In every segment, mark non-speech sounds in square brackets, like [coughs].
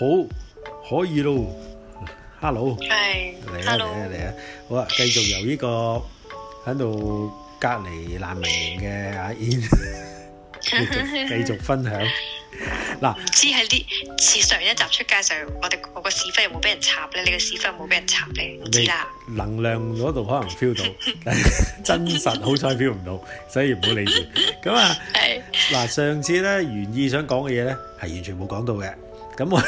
好可以咯，Hello，係，嚟啊嚟啊嚟啊，好啊，繼續由呢個喺度隔離難民營嘅阿 In 繼續分享。嗱，唔知喺呢次上一集出街上，我哋個個屎忽有冇俾人插咧？你個屎忽有冇俾人插咧？唔知啦，能量嗰度可能 feel 到，但係真實好彩 feel 唔到，所以唔好理住咁啊。係嗱，上次咧，原意想講嘅嘢咧，係完全冇講到嘅。咁我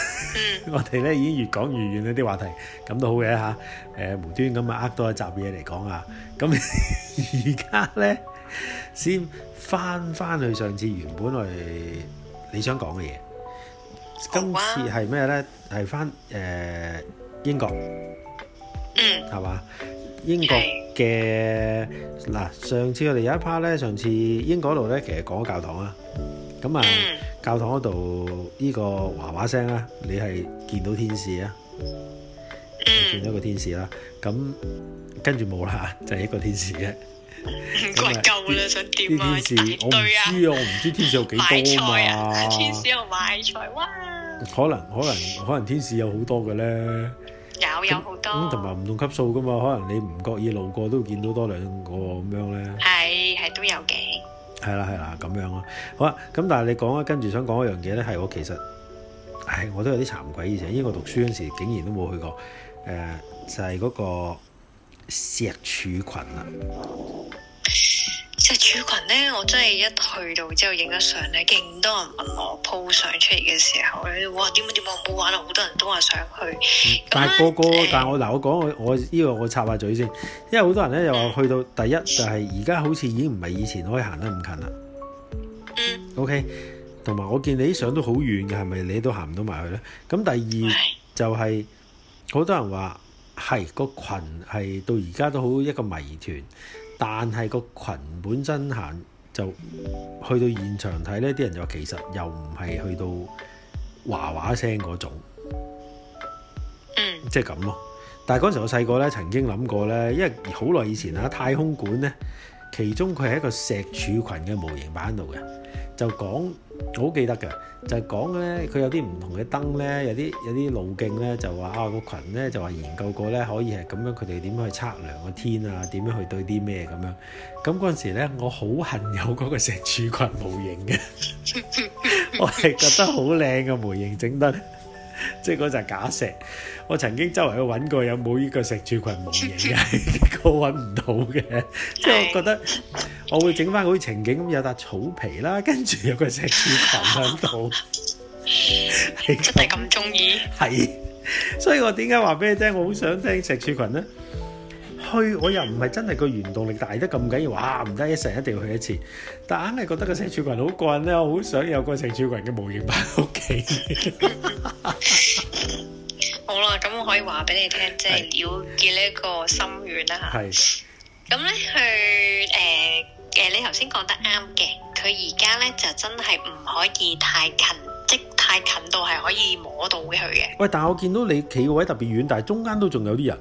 我哋咧已經越講越遠呢啲話題，咁都好嘅吓。誒無端咁啊，呃多一集嘢嚟講啊。咁而家咧先翻翻去上次原本我哋你想講嘅嘢。哇！今次係咩咧？係翻誒英國。嗯。係嘛？英國嘅。嗱，上次我哋有一 part 咧，上次英國嗰度咧，其實講教堂啊。咁啊，教堂嗰度呢個娃娃聲啦，你係見到天使啊？見到一個天使啦，咁跟住冇啦嚇，就係一個天使嘅。唔夠啦，想點啊？啲天使，我唔知我唔知天使有幾多嘛。天使又買菜哇！可能可能可能天使有好多嘅咧，有有好多。咁同埋唔同級數噶嘛，可能你唔覺意路過都見到多兩個咁樣咧。係係都有嘅。係啦，係啦咁樣咯，好啦，咁但係你講啊，跟住想講一樣嘢咧，係我其實，唉，我都有啲慚愧以前，因為我讀書嗰陣時竟然都冇去過，誒、呃、就係、是、嗰個石柱群啦。石柱群咧，我真係一去到之後影咗相咧，勁多人問我 po 相出嚟嘅時候咧，哇，點啊點啊，好唔好玩啊，好多人。想去，但係個個，但係我嗱，我講我我呢個，我，我，個我插下嘴先，因為好多人咧又話去到第一就係而家好似已經唔係以前可以行得咁近啦。OK，同埋我見你啲相都好遠嘅，係咪你都行唔到埋去咧？咁第二喂就係、係、好多人話係個群係到而家都好一個謎團，但係個群本身行就去到現場睇呢啲人就其實又唔係去到嘩嘩聲嗰種。即係咁咯，但係嗰陣時我細個咧，曾經諗過咧，因為好耐以前啦，太空館咧，其中佢係一個石柱群嘅模型擺喺度嘅，就講好記得嘅，就講咧佢有啲唔同嘅燈咧，有啲有啲路徑咧，就話啊個群咧就話研究過咧，可以係咁樣佢哋點樣去測量個天啊，點樣去對啲咩咁樣，咁嗰陣時咧我好恨有嗰個石柱群模型嘅， [laughs] 我係覺得好靚嘅模型整得。即係嗰隻假石，我曾經周圍去搵過有冇呢個石柱群模型嘅，我搵唔到嘅。即係我覺得我會整翻好似情景咁，有笪草皮啦，跟住有個石柱群喺度。 [laughs] [laughs] 真係咁中意？係 [laughs] 是嗎， [laughs] 所以我點解話俾你聽，我好想聽石柱群咧？去我又唔係真係個原動力大得咁緊要，話唔得，一成一定要去一次，但硬係覺得個石柱群好過癮咧，好想有個石柱群嘅模型擺屋企。 [laughs] [laughs] 好啦，咁我可以話俾你聽，即係要結呢一個心願啦嚇。咁咧佢誒誒，你頭先講得啱嘅，佢而家咧就真係唔可以太近，即太近到係可以摸到嘅佢嘅。喂，但係我見到你企個位特別遠，但係中間都仲有啲人。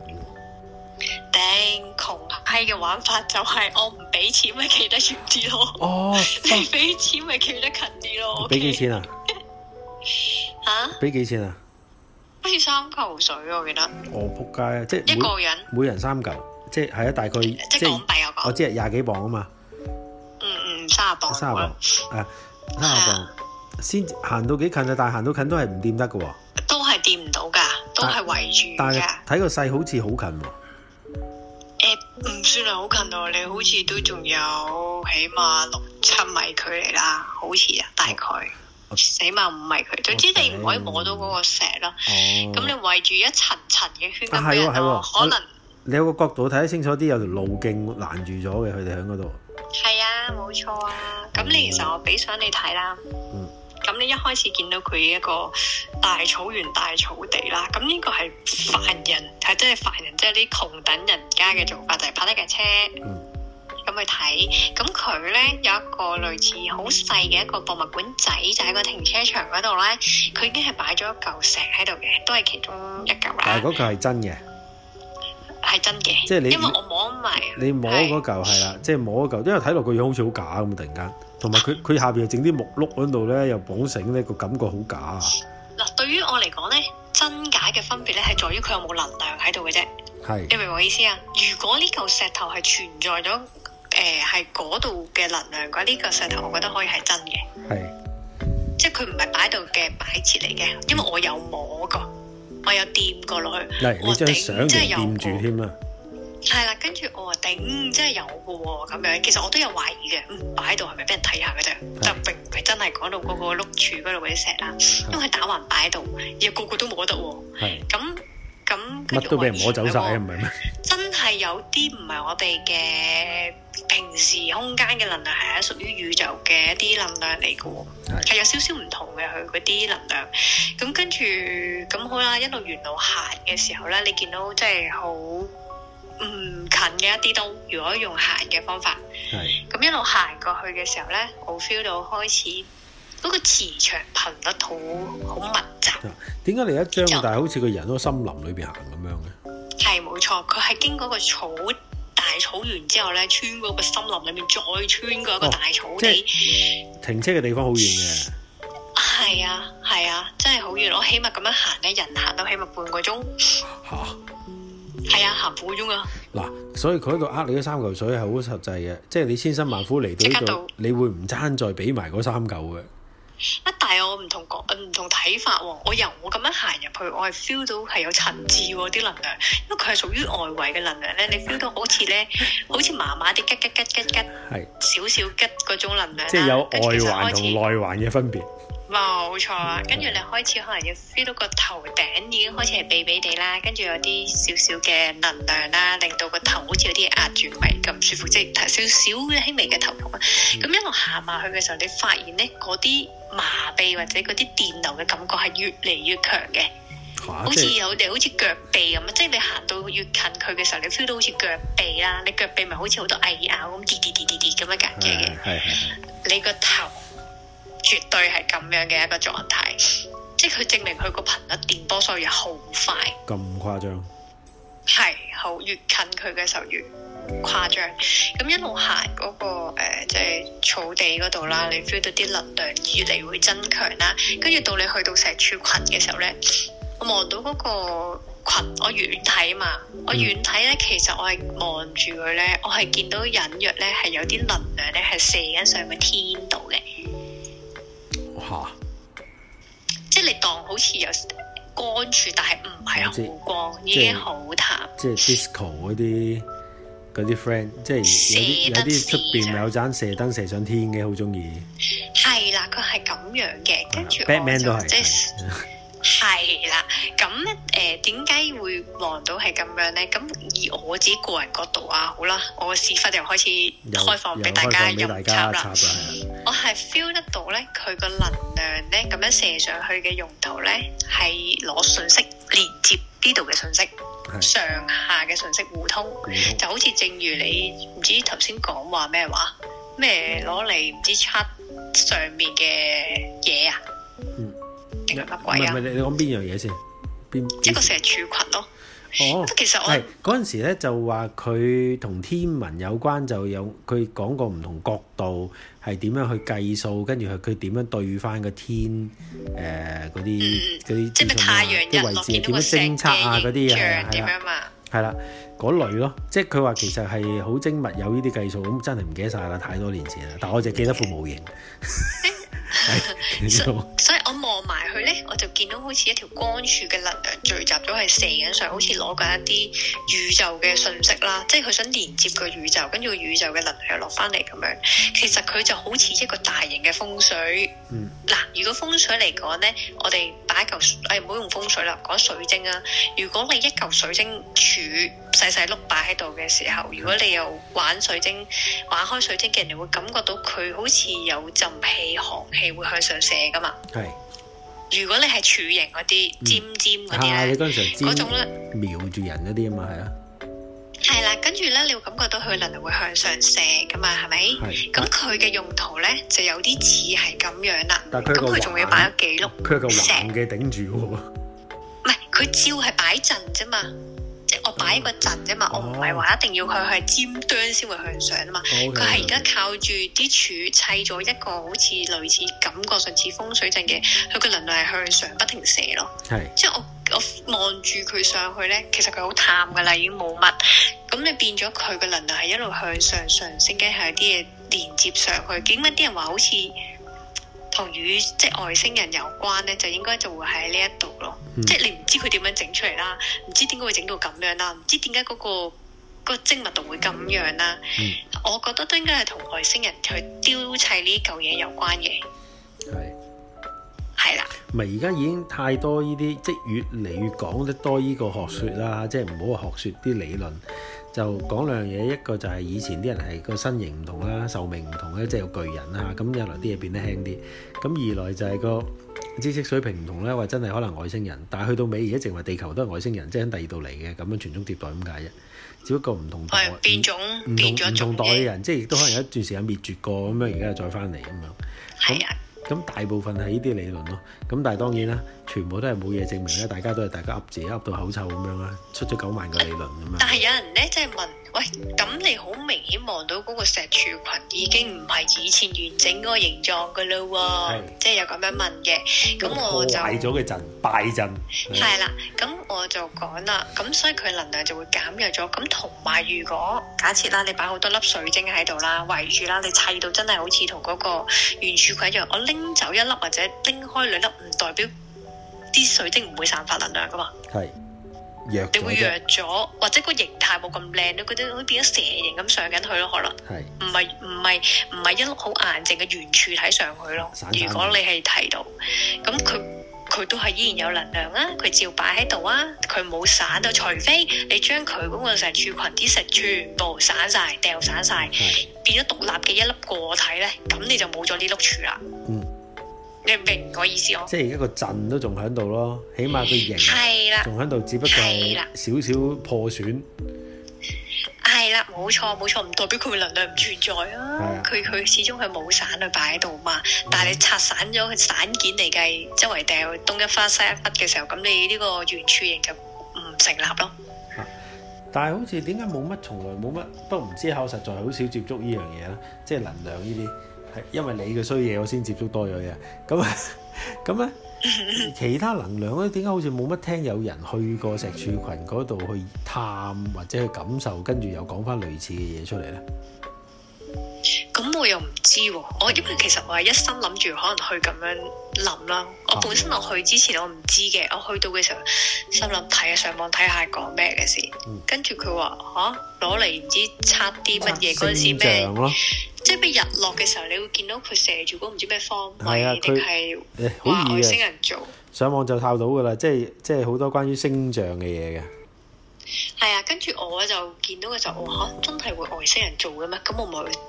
你嘅玩法就係我唔俾錢咪企得遠啲咯，哦，你俾錢咪企得近啲咯。俾幾錢啊？吓？俾幾錢啊？好似三球水，我記得。我仆街，啊，即係一個人，每人三球，即係係啊，大概即係港幣啊，我知係廿幾磅，啊嘛。嗯嗯，卅磅。卅磅，誒，卅磅，先行到幾近啊？但係行到近都係唔掂得噶，都係掂唔到噶，都係圍住噶。但係睇個勢好似好近。唔算係好近咯，你好似都仲有起碼六七米距離啦，好似啊，大概起碼五米距離，總之 Okay. 你唔可以摸到嗰個石咯。咁、oh. 你圍住一層層嘅圈咁俾人、啊啊啊、可能你有個角度睇得清楚啲，有條路徑攔住咗嘅，佢哋喺嗰度。係啊，冇錯啊。咁你其實我俾相你睇啦。嗯。咁你一開始見到佢一個大草原、大草地啦，咁呢個係凡人，係真係凡人，即係啲窮等人家嘅做法，就係、是、泊低架車，咁、嗯、去睇。咁佢呢有一個類似好細嘅一個博物館仔，就喺、是、個停車場嗰度咧，佢已經係擺咗一嚿石喺度嘅，都係其中一嚿啦。但係嗰嚿係真嘅，係真嘅。即係你，因為我摸埋你摸嗰嚿係啦，即係是摸嗰嚿，因為睇落個樣好似好假咁，突然間。同埋佢，佢下邊又整啲木碌喺度咧，又綁繩咧，個感覺好假啊！嗱，對於我嚟講咧，真假嘅分別咧係在於佢有冇能量喺度嘅啫。係是，你明我意思啊？如果呢嚿石頭係存在咗，誒、呃，係嗰度嘅能量嘅話，呢、這個石頭我覺得可以係真嘅。係、哦，即係佢唔係擺度嘅擺設嚟嘅，因為我有摸過，我有掂過落去，的我頂即係掂住添啊！係啦，跟住我話頂，真係有個咁、哦、樣。其實我都有懷疑嘅，嗯，擺喺度係咪俾人睇下嘅啫？就並唔係真係講到嗰個碌柱嗰度嗰啲石啦，是因為打橫擺喺度，而個個都冇得喎、哦。咁咁是，乜都俾人摸走晒，唔係咩？真係有啲唔係我哋嘅平時空間嘅能量，係一屬於宇宙嘅一啲能量嚟嘅、哦。係有少少唔同嘅佢嗰啲能量。咁跟住咁好啦，一路沿路行嘅時候咧，你見到即係好。唔近嘅一啲都，如果用行嘅方法，咁是一路行過去嘅時候咧，我 feel 到開始嗰個磁場憑得土，好密集。點解嚟一張，就但係好似個人喺森林裏邊行咁樣嘅？係冇錯，佢係經過個草大草原之後咧，穿過個森林裏面，再穿過一個大草地。哦、即係停車嘅地方好遠嘅。係啊，係啊，係啊，真係好遠。我起碼咁樣行咧，人行到起碼半個鐘。嚇！係啊，鹹苦中啊嗱，所以佢喺度呃你嗰三嚿水係好實際嘅，即係你千辛萬苦嚟到呢度，嗯，你會唔爭再俾埋嗰三嚿嘅？啊，但係我唔同講，唔同睇法喎、哦。我由我咁樣行入去，我係 feel 到係有層次啲、哦、能量，因為佢係屬於外圍嘅能量咧。你 feel 到好似咧， [laughs] 好似麻麻啲吉吉吉吉吉，係是少少吉嗰種能量，即係有外環同內環嘅分別。冇錯啊，跟住你開始可能要 feel 到個頭頂已經開始係痹痹地啦，跟住有啲少少嘅能量啦，令到個頭好似有啲壓住唔係咁舒服，即係少少輕微嘅頭痛啦。咁一路行埋去嘅時候，你發現咧，嗰啲麻痹或者嗰啲電流嘅感覺係越嚟越強嘅，好似有啲好似腳痹咁啊！即係你行到越近佢嘅時候，你 feel 到好似腳痹啦，你腳痹咪好似好多蟻咬咁，啲啲啲啲啲咁樣嘅嘅。係你個頭。絕對係咁樣嘅一個狀態，即係佢證明佢個頻率電波速度好快。咁誇張？係，好，越近佢嘅時候越誇張。咁一路行嗰個誒、即、呃、係、就是、草地嗰度啦，嗯、你 feel 到啲能量越嚟會增強啦。跟住到你去到石柱群嘅時候咧，我望到嗰個群，我遠睇嘛，我遠睇咧，嗯、其實我係望住佢咧，我係見到隱約咧係有啲能量咧係射緊上個天度嘅。啊、即係你當好似有光柱，但係唔係好光，已經好淡。即係 disco 嗰啲、嗰啲 friend，即係有啲出邊有盞射燈射上天嘅，好中意。係啦，佢係咁樣嘅，跟住 Batman 都係。係啦，咁誒，點解、呃、會望到係咁樣咧？咁以我自己個人角度啊，好啦，我屎忽就開始開放俾大家，大家用插啦。我係 feel 得到咧，佢個能量咧，咁樣射上去嘅用途咧，係攞信息連接呢度嘅信息，是上下嘅信息互通，嗯、就好似正如你唔知頭先講話咩話，咩攞嚟唔知測上面嘅嘢啊，嗯。唔係你你講邊樣嘢先？邊一個石柱群咯。哦，其實我。嗰陣時咧就話佢同天文有關，就有佢講過唔同角度係點樣去計數，跟住佢點樣對翻個天，誒嗰啲嗰啲即係太陽日嘅位置點樣偵測啊，嗰啲嘢係啦，係啦，嗰類咯，即係佢話其實係好精密有呢啲計數，咁真係唔記得晒啦，太多年前啦，但係我就記得副模型。係，所以，所以我。埋佢咧，我就見到好似一條光柱嘅能量聚集咗喺射緊上，好似攞緊一啲宇宙嘅信息啦，即係佢想連接個宇宙，跟住個宇宙嘅能量落翻嚟咁樣。其實佢就好似一個大型嘅風水。嗯。嗱，如果風水嚟講咧，我哋擺一嚿誒，唔好用風水啦，講水晶啊。如果你一嚿水晶柱細細碌擺喺度嘅時候，如果你又玩水晶、玩開水晶嘅人，你會感覺到佢好似有陣氣、寒氣會向上射噶嘛。係。如果你係柱形嗰啲、嗯、尖尖嗰啲，嗰、啊、種咧瞄住人嗰啲啊嘛，係啊，係啦、啊，跟住咧，你會感覺到佢能力會向上射噶嘛，係咪？咁佢嘅用途咧，就有啲似係咁樣啦。咁佢仲會擺咗幾碌石嘅頂住喎、啊。唔係， [laughs] 佢照係擺陣啫嘛。我擺個陣啫嘛，我唔係話一定要佢係尖端先會向上啊嘛，佢係而家靠住啲柱砌咗一個好似類似感覺上似風水陣嘅，佢個能量係向上不停射咯。係是，即係我我望住佢上去咧，其實佢好淡噶啦，已經冇乜。咁你變咗佢個能量係一路向上上升，嘅係有啲嘢連接上去，點解啲人話好似？同宇即係外星人有關咧，就應該就會喺呢一度咯。嗯、即係你唔知佢點樣整出嚟啦，唔知點解會整到咁樣啦，唔知點解嗰個、嗰個精密度會咁樣啦。嗯、我覺得都應該係同外星人去丟砌呢嚿嘢有關嘅，係係是啦。咪而家已經太多呢啲，即係越嚟越講得多呢個學說啦，即係唔好話學說啲理論。就講兩樣嘢，一個就係以前啲人係個身形唔同啦，壽命唔同咧，即係有巨人啦，咁一來啲嘢變得輕啲，咁二來就係個知識水平唔同咧，話真係可能外星人，但係去到尾而家淨話地球都係外星人，即係喺第二度嚟嘅，咁樣傳宗接代咁解啫，只不過唔同代唔同唔同代嘅人，即係亦都可能有一段時間滅絕過，咁樣而家又再翻嚟咁樣。係啊。咁大部分係呢啲理論咯，咁但係當然啦，全部都係冇嘢證明，大家都係大家噏自己噏到口臭咁樣啦，出咗九萬個理論咁啊！但係有人咧就問。喂，咁你好明顯望到嗰個石柱群已經唔係以前完整嗰個形狀噶啦，即係有咁樣問嘅，咁我就擺咗個陣，擺陣係啦，咁我就講啦，咁所以佢能量就會減弱咗。咁同埋，如果假設啦，你擺好多粒水晶喺度啦，圍住啦，你砌到真係好似同嗰個圓柱群一樣，我拎走一粒或者拎開兩粒，唔代表啲水晶唔會散發能量噶嘛。係。你會弱咗，或者個形態冇咁靚，你覺得好似變咗蛇形咁上緊去咯，可能。係是。唔係唔係唔係一粒好硬淨嘅圓柱體上去咯。散散如果你係睇到，咁佢佢都係依然有能量啊，佢照擺喺度啊，佢冇散到，除非你將佢嗰個成柱群啲石柱全部散晒，掉散晒，散散是變咗獨立嘅一粒個體咧，咁你就冇咗呢粒柱啦。嗯你明唔明我意思咯？即係一個陣都仲喺度咯，起碼佢形係啦，仲喺度，只不過係少少破損。係啦，冇錯冇錯，唔代表佢能量唔存在啊！佢佢始終佢冇散去，擺喺度嘛。但係你拆散咗佢，散件嚟計，周圍掉東一花西一筆嘅時候，咁你呢個圓柱形就唔成立咯。但係好似點解冇乜，從來冇乜？不過唔知，我實在好少接觸呢樣嘢啦，即係能量呢啲。因為你嘅衰嘢，我先接觸多咗嘢。咁 [laughs] 啊、嗯，咁、嗯、咧， [laughs] 其他能量咧，點解好似冇乜聽有人去過石柱群嗰度去探或者去感受，跟住又講翻類似嘅嘢出嚟咧？咁我又唔知喎，我因為其實我係一心諗住可能去咁樣諗啦。我本身我去之前我唔知嘅，我去到嘅時候，心諗睇下，上網睇下講咩嘅事。跟住佢話吓攞嚟唔知測啲乜嘢嗰陣時咯。」即係日落嘅時候，你會見到佢射住嗰唔知咩方位啊，定係是、欸、外星人做？上網就睇到噶啦，即係即係好多關於星象嘅嘢嘅。係啊，跟住我就見到嘅時候，我嚇！真係會外星人做嘅咩？咁我咪去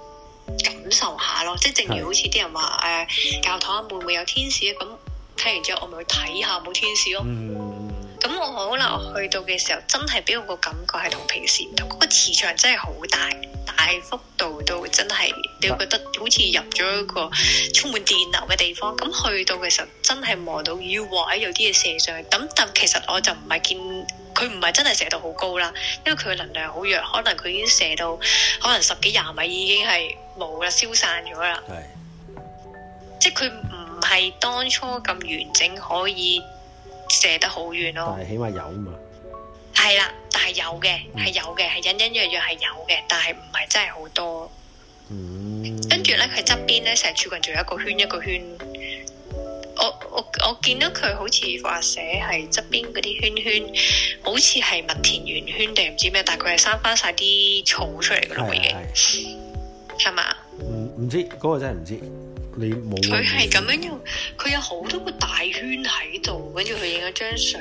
感受下咯。即係正如好似啲人話誒，啊、教堂會唔會有天使咧？咁聽完之後，我咪去睇下冇天使咯。嗯咁我可能去到嘅時候，真係俾我個感覺係同平時唔同，嗰個磁場真係好大，大幅度到真係你會覺得好似入咗一個充滿電流嘅地方。咁去到嘅時候，真係望到 U V 有啲嘢射上去。咁但其實我就唔係見佢唔係真係射到好高啦，因為佢嘅能量好弱，可能佢已經射到可能十幾廿米已經係冇啦，消散咗啦。係。即係佢唔係當初咁完整可以。射得好遠咯，但係起碼有嘛，係啦，但係有嘅係有嘅係隱隱約約係有嘅，但係唔係真係好多。嗯，跟住咧佢側邊咧成處人仲有一個圈一個圈，我我我見到佢好似話寫係側邊嗰啲圈圈，好似係麥田圓圈定唔知咩，但係佢係生翻晒啲草出嚟噶咯，已經係嘛？唔唔的的、嗯、知，嗰、那個真係唔知。佢係咁樣，佢有好多個大圈喺度，跟住佢影咗張相，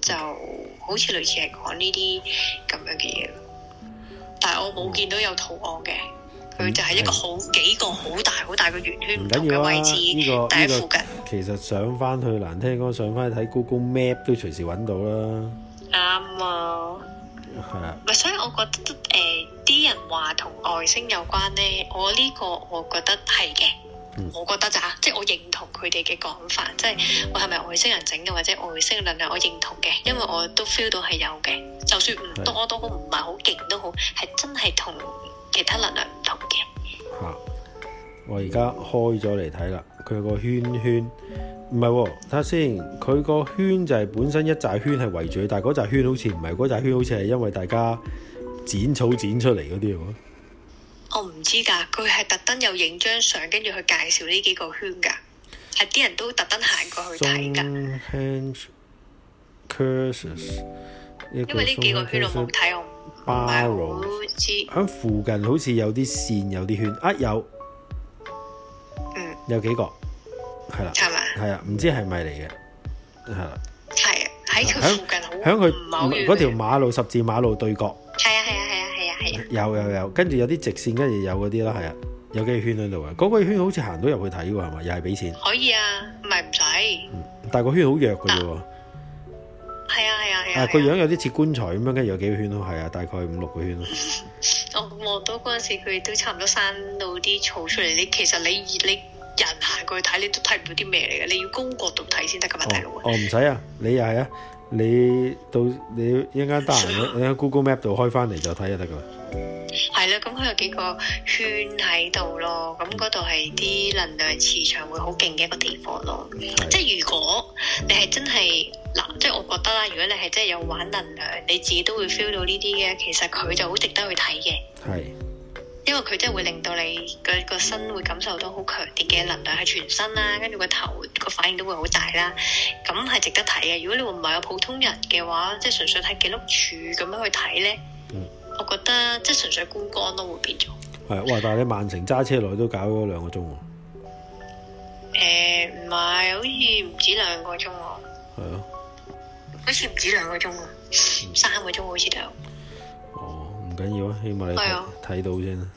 就好似類似係講呢啲咁樣嘅嘢，但係我冇見到有圖案嘅，佢就係一個好幾個好大好大個圓圈，圈，唔同嘅位置喺、啊這個、附近、這個。其實上翻去難聽講，上翻去睇 Google Map 都隨時搵到啦。啱啊，係啊、okay 了，所以我覺得誒，啲、呃、人話同外星有關咧，我呢個我覺得係嘅。我覺得咋，即係我認同佢哋嘅講法，即係我係咪外星人整嘅或者外星能量，我認同嘅，因為我都 feel 到係有嘅，就算唔多都好，唔係好勁都好，係真係同其他能量唔同嘅。吓、啊，我而家開咗嚟睇啦，佢個圈圈唔係，睇下先，佢個圈就係本身一扎圈係圍住，但係嗰扎圈好似唔係，嗰扎圈好似係因為大家剪草剪出嚟嗰啲。我唔知噶，佢係特登有影張相，跟住去介紹呢幾個圈噶，係啲人都特登行過去睇噶。c 因為呢幾個圈我冇睇，我唔知，好喺附近好似有啲線，有啲圈啊，有。嗯，有幾個，係啦，係啊吧，唔知係咪嚟嘅？係啦的，係啊，喺佢附近，好，喺佢嗰條馬路十字馬路對角。 [noise] 有有有，跟住有啲直線，跟住有嗰啲啦，係啊，有幾個圈喺度啊。嗰、嗰個圈好似行到入去睇喎，係咪？又係俾錢？可以啊，唔係唔使。但個圈好弱嘅啫。係啊係啊係啊。個樣有啲似棺材咁樣，跟住有幾個圈咯，係啊，大概五六個圈咯。 [laughs] 我望到嗰陣時佢都差唔多生到啲草出嚟，你其實你你人行過去睇，你都睇唔到啲咩嚟嘅，你要高角度睇先得噶嘛，大佬。哦唔使啊，你又係啊。 [noise] [noise] 你到你一陣間得閒，你喺 Google Map 度開翻嚟就睇就得噶啦。係啦，咁佢有幾個圈喺度咯，咁嗰度係啲能量磁場會好勁嘅一個地方咯。的即係如果你係真係嗱，即係我覺得啦，如果你係真係有玩能量，你自己都會 feel 到呢啲嘅，其實佢就好值得去睇嘅。係。因為佢真係會令到你個個身會感受到好強烈嘅能量喺全身啦，跟住個頭個反應都會好大啦，咁係值得睇嘅。如果你話唔係個普通人嘅話，即係純粹睇幾碌柱咁樣去睇咧，我覺得即係純粹觀光都會變咗。係、嗯，喂！ [laughs] 但係你曼城揸車來都搞咗兩個鐘喎。誒、呃，唔係，好似唔止兩個鐘。係啊，好似唔止兩個鐘啊，三個鐘好似都有。唔緊要啊，希望你睇到先。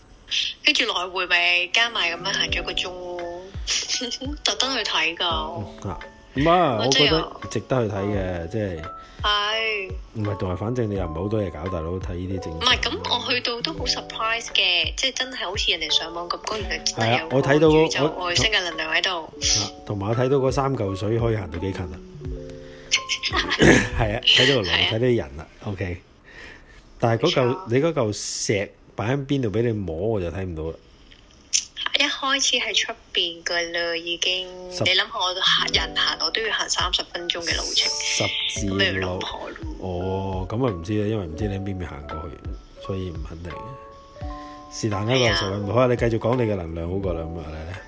跟住來回咪加埋咁樣行咗一個鐘，特登去睇噶。啊，唔係，我覺得值得去睇嘅，即係。係。唔係，同埋反正你又唔係好多嘢搞，大佬睇呢啲正。唔係，咁我去到都好 surprise 嘅，即係真係好似人哋上網咁高。係啊，我睇到嗰個外星嘅能量喺度。同埋我睇到嗰三嚿水可以行到幾近啊？係啊，睇到個龍，睇到人啊。OK 但係嗰嚿你嗰嚿石擺喺邊度畀你摸，我就睇唔到啦。一開始喺出邊噶啦，已經。十你諗下我行人行，我都要行三十分鐘嘅路程。十字路口。哦，咁啊唔知咧，因為唔知你喺邊邊行過去，所以唔肯定。個人是但一六十萬路口啊，你繼續講你嘅能量好過啦，咁啊咧。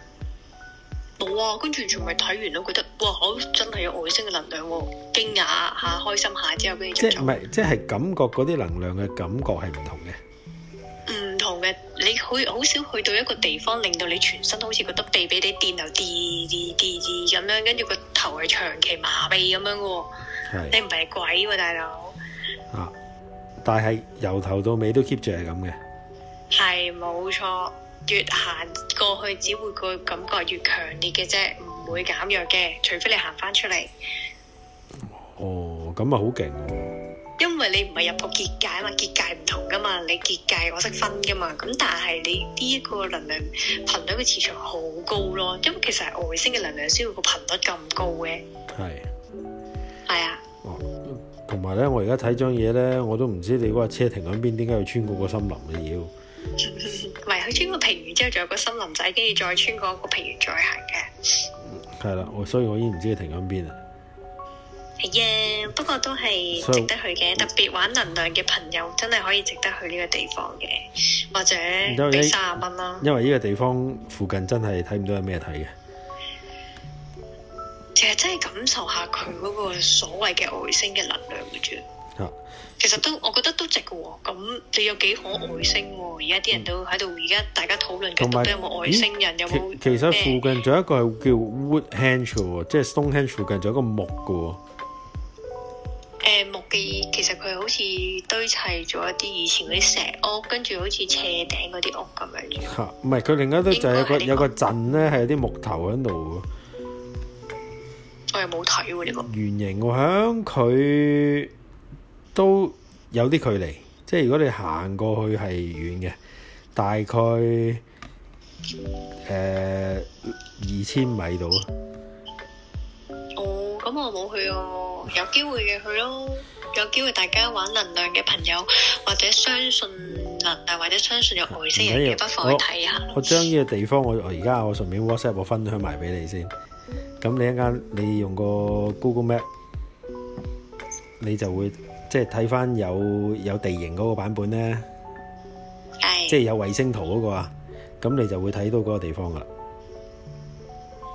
冇啊，跟住完全咪睇完咯，覺得哇，我真係有外星嘅能量喎，驚訝吓，開心下之後跟住即唔係，即係感覺嗰啲能量嘅感覺係唔同嘅，唔同嘅，你去好少去到一個地方，令到你全身好似覺得地俾你電流，滴滴滴咁樣，跟住個頭係長期麻痹咁樣嘅，是你唔係鬼喎，大佬啊，但係由頭到尾都 keep 住係咁嘅，係冇錯。越行過去，只會個感覺越強烈嘅啫，唔會減弱嘅，除非你行翻出嚟。哦，咁啊、哦，好勁！因為你唔係入個結界啊嘛，結界唔同噶嘛，你結界，我識分噶嘛。咁但係你呢一個能量頻率嘅磁場好高咯，因為其實係外星嘅能量先會個頻率咁高嘅。係。係啊。同埋咧，我而家睇張嘢咧，我都唔知你嗰個車停響邊，點解要穿過個森林嘅要？唔係，佢 [laughs] 穿過平原之後，仲有個森林仔，跟住再穿過一個平原再行嘅。係啦，我所以我已經唔知佢停咗邊啊。係耶，不過都係值得去嘅，以特別玩能量嘅朋友真係可以值得去呢個地方嘅，或者俾三十蚊啦。因為呢個地方附近真係睇唔到有咩睇嘅，其實真係感受下佢嗰個所謂嘅外星嘅能量嘅啫。其實都，我覺得都值嘅。咁你有幾可外星？而家啲人都喺度，而家大家討論緊都有冇外星人，有冇咩？其實附近仲有一個係叫 Woodhenge，即係 Stonehenge 附近仲有一個木嘅。誒，木嘅，其實佢好似堆砌咗一啲以前嗰啲石屋，跟住好似斜頂嗰啲屋咁樣。吓，唔係，佢另外都就係有個有個鎮咧，係有啲木頭喺度。我又冇睇喎呢個。圓形喎響佢。都有啲距離，即係如果你行過去係遠嘅，大概誒二千米度咯。哦，咁我冇去哦，有機會嘅去咯。有機會大家玩能量嘅朋友，或者相信能量，或者相信有外星人嘅，不妨去睇下。我將呢個地方我，我而家我順便 WhatsApp 我分享埋俾你先。咁你一間，你用個 Google Map，你就會。即係睇翻有有地形嗰個版本呢，的即係有衛星圖嗰、嗰個啊，咁你就會睇到嗰個地方噶啦。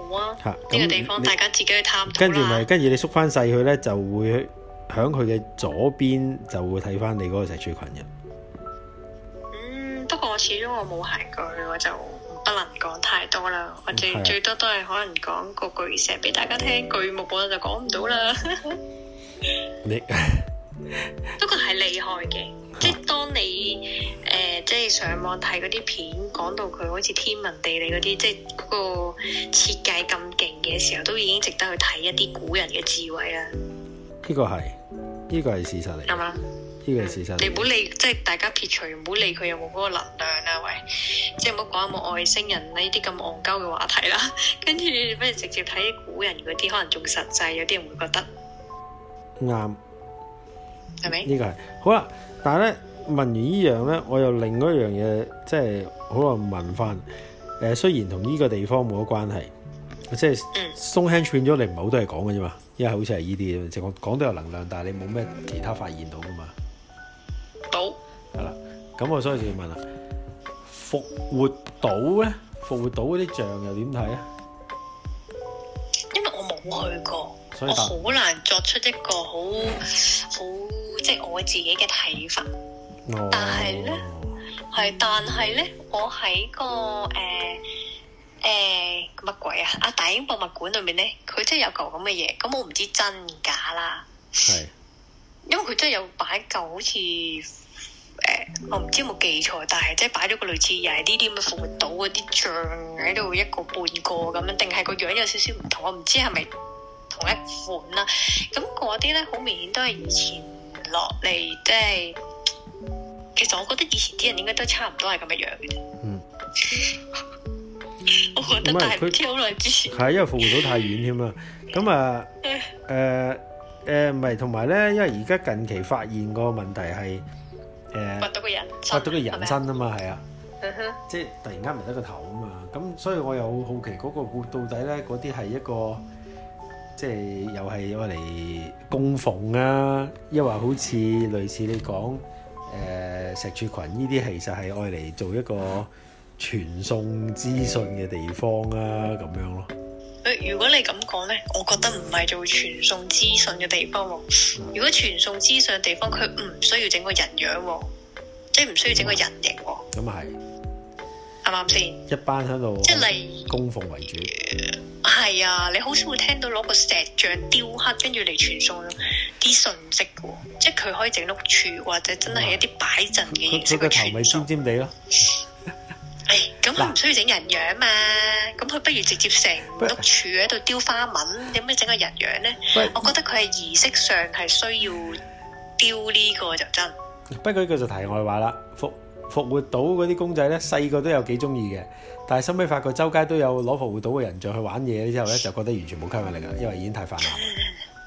好啊，呢、啊、個地方大家自己去探，跟住咪跟住你縮翻細去呢，就會喺佢嘅左邊就會睇翻你嗰個石柱群嘅、嗯。不過我始終我冇行過去，我就不能講太多啦。我哋最，的最多都係可能講個巨石俾大家聽，巨木我就講唔到啦。 [laughs] 你。 [laughs] 不過係厲害嘅，即係當你誒，即係上網睇嗰啲片，講到佢好似天文地理嗰啲，即係嗰個設計咁勁嘅時候，都已經值得去睇一啲古人嘅智慧啦。呢個係呢個係事實嚟，啱唔啱？呢個係事實。你唔好理，即係大家撇除唔好理佢有冇嗰個能量啦。喂，即係唔好講有冇外星人呢啲咁戇鳩嘅話題啦。跟住不如直接睇古人嗰啲，可能仲實際。有啲人會覺得啱。係咪？呢 Okay. 個係好啦，但係咧問完樣呢樣咧，我又另一樣嘢，即係好耐問翻。誒、呃，雖然同呢個地方冇乜關係，即係鬆輕串咗你唔係好多嘢講嘅啫嘛。因為好似係依啲嘢，即我講都有能量，但係你冇咩其他發現到㗎嘛。到係啦，咁、嗯、我所以就要問啦，復活島咧，復活島嗰啲像又點睇啊？因為我冇去過。我好難作出一個、嗯、好好即係我自己嘅睇法，哦、但係咧係，但係咧，我喺個誒誒乜鬼啊？阿大英博物館裏面咧，佢真係有嚿咁嘅嘢，咁我唔知真假啦。係是因為佢真係有擺嚿好似誒、呃，我唔知有冇記錯，但係即係擺咗個類似又係呢啲咁嘅復活島嗰啲像喺度一個半個咁樣，定係個樣有少少唔同，我唔知係咪。同一款啦，咁嗰啲咧好明顯都係以前落嚟，即係其實我覺得以前啲人應該都差唔多係咁嘅樣嘅。嗯， [laughs] 我覺得但係佢好耐之前，係 [laughs] 因為服務到太遠添 [laughs] 啊。咁啊誒誒，唔係同埋咧，因為而家近期發現個問題係誒挖到個人，挖、啊、到個人身啊嘛，係啊， [laughs] 即係突然間唔得個頭啊嘛。咁所以我又好奇嗰、嗰個股到底咧嗰啲係一個。即係又係愛嚟供奉啊，又話好似類似你講誒、呃、石柱群呢啲，其實係愛嚟做一個傳送資訊嘅地方啊，咁樣咯。如果你咁講呢，我覺得唔係做傳送資訊嘅地方。如果傳送資訊嘅地方，佢唔需要整個人樣、啊，即係唔需要整個人形、啊。咁啊係。啱啱先，一班喺度，即係嚟供奉為主。係、嗯嗯、啊，你好少會聽到攞個石像雕刻，跟住嚟傳送啲信息嘅。即係佢可以整碌柱，或者真係一啲擺陣嘅嘢，式嚟傳個頭咪尖尖地咯。誒、 [laughs] 哎，咁唔需要整人樣嘛？咁佢啦不如直接成碌柱喺度雕花紋，點解整個人樣咧？喂我覺得佢係儀式上係需要雕呢個就真。不過呢句就題外話啦，福。復活島嗰啲公仔呢，細個都有幾中意嘅，但係收尾發覺周街都有攞復活島嘅人像去玩嘢之後呢，就覺得完全冇吸引力啦，因為已經太泛啦。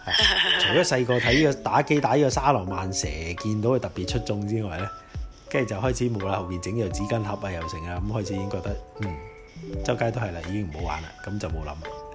[laughs] 除咗細個睇呢個打機打呢個沙羅曼蛇，見到佢特別出眾之外呢，跟住就開始冇啦。後邊整又紙巾盒啊，又成啊，咁開始已經覺得，嗯，周街都係啦，已經唔好玩啦，咁就冇諗。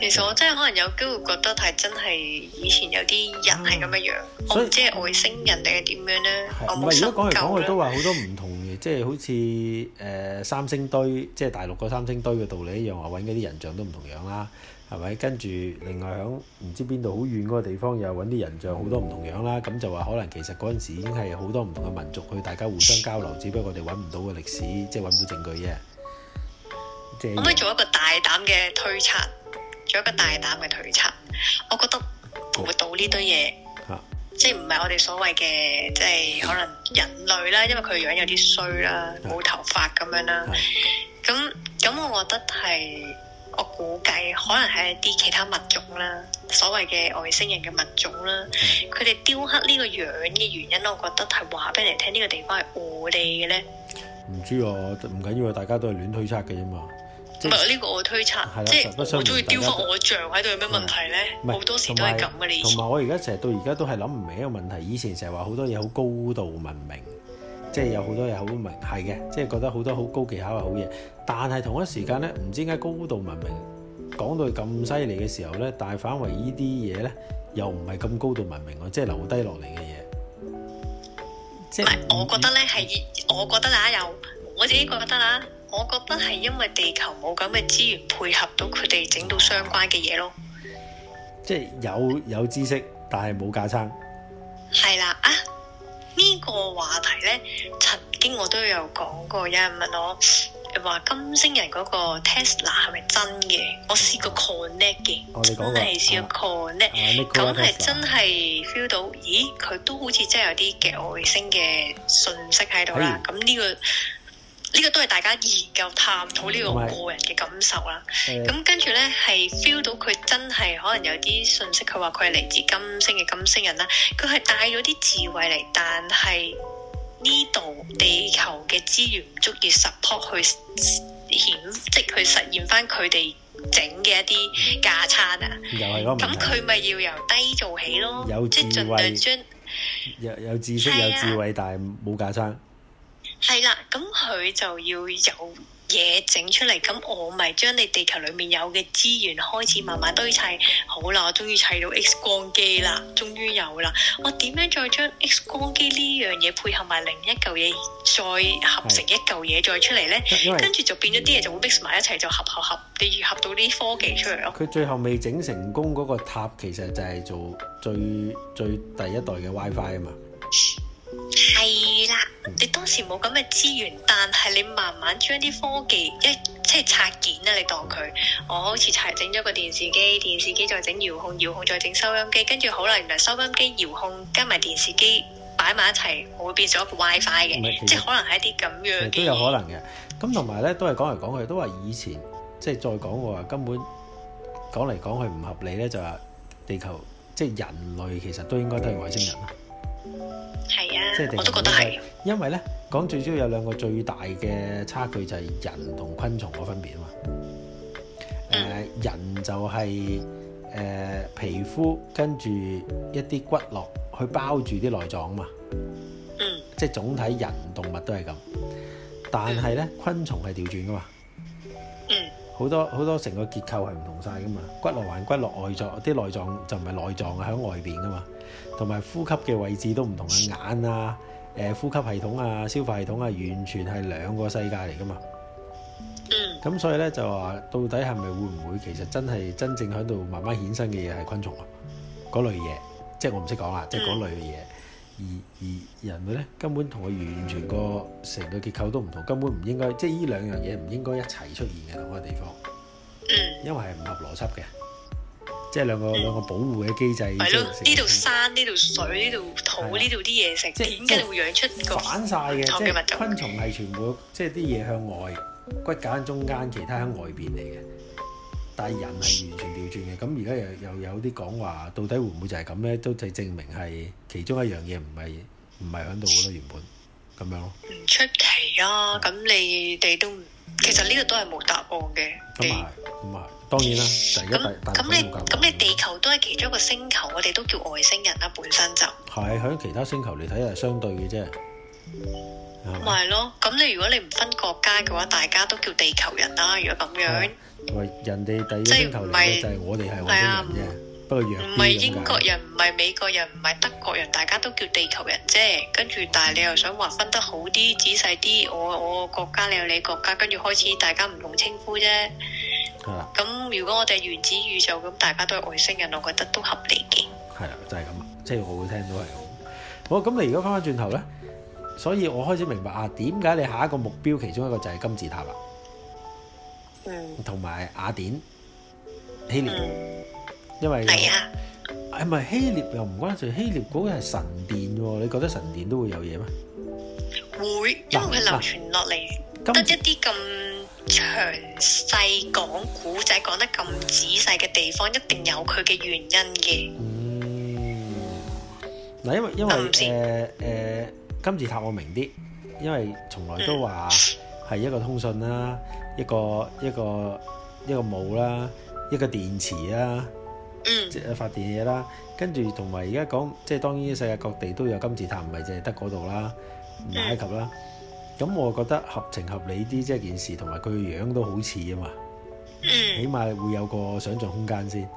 其實我真係可能有機會覺得係真係以前有啲人係咁嘅樣，所以我唔知係外星人定係點樣呢？唔係都講嚟講去，我都話好多唔同嘅，即係好似誒、呃、三星堆，即係大陸個三星堆嘅道理一樣，話揾嗰啲人像都唔同樣啦，係咪？跟住另外響唔知邊度好遠嗰個地方又揾啲人像，好多唔同樣啦。咁就話可能其實嗰陣時已經係好多唔同嘅民族去大家互相交流，只不過我哋揾唔到個歷史，即係揾唔到證據啫。可唔可以做一個大膽嘅推測？做一個大膽嘅推測，我覺得好會到呢堆嘢，即係唔係我哋所謂嘅，即係可能人類啦，因為佢樣有啲衰啦，冇、啊、頭髮咁樣啦。咁咁、啊，我覺得係我估計，可能係一啲其他物種啦，所謂嘅外星人嘅物種啦。佢哋雕刻呢個樣嘅原因，我覺得係話俾你聽，呢、呢個地方係我哋嘅咧。唔知喎，唔緊要啊，大家都係亂推測嘅啫嘛。唔係呢個我推測，即係好中意雕刻我像喺度，有咩、嗯、問題咧？好多時都係咁嘅。你同埋我而家成日到而家都係諗唔明一個問題，以前成日話好多嘢好高度文明，即係、嗯、有好多嘢好文明，係嘅，即係覺得好多好高技巧嘅好嘢。但係同一時間咧，唔知點解高度文明講到咁犀利嘅時候咧，但係反為呢啲嘢咧，又唔係咁高度文明喎，就是嗯、即係留低落嚟嘅嘢。即係，我覺得咧係，我覺得啦，又我自己覺得啦。嗯嗯我覺得係因為地球冇咁嘅資源配合到佢哋整到相關嘅嘢咯，即係有有知識，但係冇架生。係啦啊，呢、呢個話題呢，曾經我都有講過，有人問我話金星人嗰個 Tesla 係咪真嘅？我試過 connect 嘅，我哋講係試過 connect，咁係、哦、真係 feel 到，咦佢都好似真係有啲嘅外星嘅信息喺度啦，咁呢是、呢個。呢個都係大家研究探討呢個個人嘅感受啦。咁的跟住呢，係 feel 到佢真係可能有啲信息，佢話佢係嚟自金星嘅金星人啦。佢係帶咗啲智慧嚟，但係呢度地球嘅資源唔足以 support 去顯即去實現翻佢哋整嘅一啲架撐啊。又係咁，咁佢咪要由低做起咯。有智慧，有智慧，有智慧，但係冇架撐。係啦，咁佢就要有嘢整出嚟，咁我咪將你地球裏面有嘅資源開始慢慢堆砌，好啦，我終於砌到 X 光機啦，終於有啦，我點樣再將 X 光機呢樣嘢配合埋另一嚿嘢，再合成一嚿嘢再出嚟呢？跟住就變咗啲嘢就會 mix 埋一齊，就合合合，你遇合到啲科技出嚟咯。佢最後未整成功嗰個塔，其實就係做最最第一代嘅 WiFi 啊嘛。係啦，你當時冇咁嘅資源，但係你慢慢將啲科技一即係拆件啊！你當佢，我好似拆整咗個電視機，電視機再整遙控，遙控再整收音機，跟住好啦，原來收音機、遙控加埋電視機擺埋一齊，我會變咗個 WiFi 嘅，即係可能係一啲咁樣都有可能嘅。咁同埋咧，都係講嚟講去，都話以前即係再講嘅話，根本講嚟講去唔合理咧，就話、是、地球即係人類其實都應該都係外星人啊！嗯係啊，我都覺得係。因為呢，講最主要有兩個最大嘅差距就係人同昆蟲個分別啊嘛、嗯呃。人就係、係呃、皮膚跟住一啲骨骼去包住啲內臟啊嘛。即係、嗯、總體人動物都係咁，但係呢，嗯、昆蟲係調轉噶嘛。嗯好多好多成個結構係唔同晒㗎嘛，骨內環骨內，外臟啲內臟就唔係內臟啊，喺外邊㗎嘛，同埋呼吸嘅位置都唔同啊，眼、呃、啊，誒呼吸系統啊，消化系統啊，完全係兩個世界嚟㗎嘛。嗯。咁所以咧就話，到底係咪會唔會其實真係真正喺度慢慢衍生嘅嘢係昆蟲啊？嗰類嘢，即、就、係、是、我唔識講啦，即係嗰類嘅嘢。嗯嗯而而人類咧，根本同佢完全個成個結構都唔同，根本唔應該，即係呢兩樣嘢唔應該一齊出現嘅同一個地方。嗯，因為係唔合邏輯嘅，即係兩個、嗯、兩個保護嘅機制。呢度、嗯、是山、呢度水、呢度土、呢度啲嘢食，點解會養出個？什是反晒嘅，即係昆蟲係全部，嗯、即係啲嘢向外，嗯、骨架中間，其他喺外邊嚟嘅。但係人係完全調轉嘅，咁而家又又有啲講話，到底會唔會就係咁咧？都就證明係其中一樣嘢唔係唔係喺度咯，原本咁樣咯。唔出奇啊！咁你哋都其實呢個都係冇答案嘅。咁啊，咁啊，當然啦。咁你咁你地球都係其中一個星球，我哋都叫外星人啦、啊，本身就係喺其他星球嚟睇，係相對嘅啫。咪係咯，咁、嗯嗯、你如果你唔分國家嘅話，大家都叫地球人啦、啊。如果咁樣、啊、人哋第一個就係我哋係好英不過樣唔係英國人，唔係美國人，唔係德國人，大家都叫地球人啫。跟住，但係你又想話分得好啲、仔細啲，我我國家你有你國家，跟住開始大家唔同稱呼啫。係咁如果我哋原子宇宙咁，大家都係外星人，我覺得都合理嘅。係啦、啊啊啊，就係、是、咁，即、就、係、是、我會聽都係咁。好，咁你而家翻翻轉頭咧？所以我開始明白啊，點解你下一個目標其中一個就係金字塔啦，嗯，同埋雅典、希臘，因為係啊，係咪希臘又唔關事？希臘嗰個係神殿喎，你覺得神殿都會有嘢咩？會，因為佢流傳落嚟得一啲咁詳細講古仔、講得咁仔細嘅地方，一定有佢嘅原因嘅。嗯，嗱，因為因為誒誒。金字塔我明啲，因為從來都話係一個通訊啦，一個一個一個帽啦，一個電池啦，即係發電嘢啦。跟住同埋而家講，即係當然世界各地都有金字塔，唔係淨係得嗰度啦，唔係埃及啦。咁我覺得合情合理啲，即係件事同埋佢樣都好似啊嘛，起碼會有個想像空間先，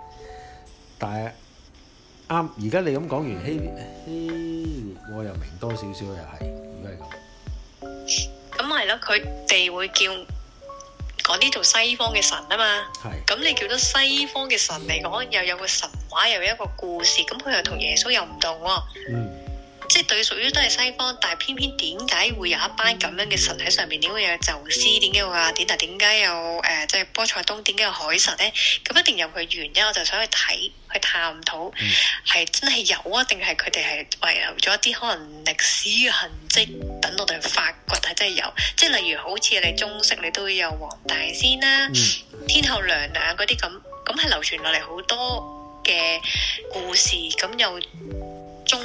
但係。啱，而家你咁講完，希希，我又明多少少又係，如果係咁，咁係咯，佢哋會叫講呢度西方嘅神啊嘛，係，咁你叫咗西方嘅神嚟講，又有個神話，又有一個故事，咁佢又同耶穌又唔同咯，嗯。即係對屬於都係西方，但係偏偏點解會有一班咁樣嘅神喺上面，點會有宙斯？點解會話點啊？點解有誒，即、呃、係、就是、波塞冬？點解有海神咧？咁一定有佢原因，我就想去睇去探討，係真係有啊？定係佢哋係遺留咗一啲可能歷史嘅痕跡，等我哋去發掘啊！真係有，即係例如好似你中式，你都有黃大仙啦、啊、嗯、天后娘娘嗰啲咁，咁係流傳落嚟，好多嘅故事，咁又。中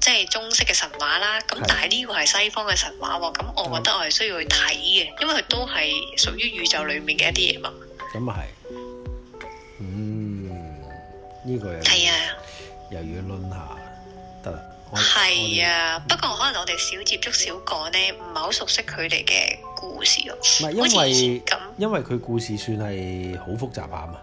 即係中式嘅神話啦，咁但係呢個係西方嘅神話喎，咁我覺得我係需要去睇嘅，因為佢都係屬於宇宙裏面嘅一啲嘢嘛。咁啊係，嗯，呢個又係啊，又要論下得啦。係啊，們不過可能我哋少接觸少講呢，唔係好熟悉佢哋嘅故事咯。唔係因為咁，因為佢故事算係好複雜啊嘛。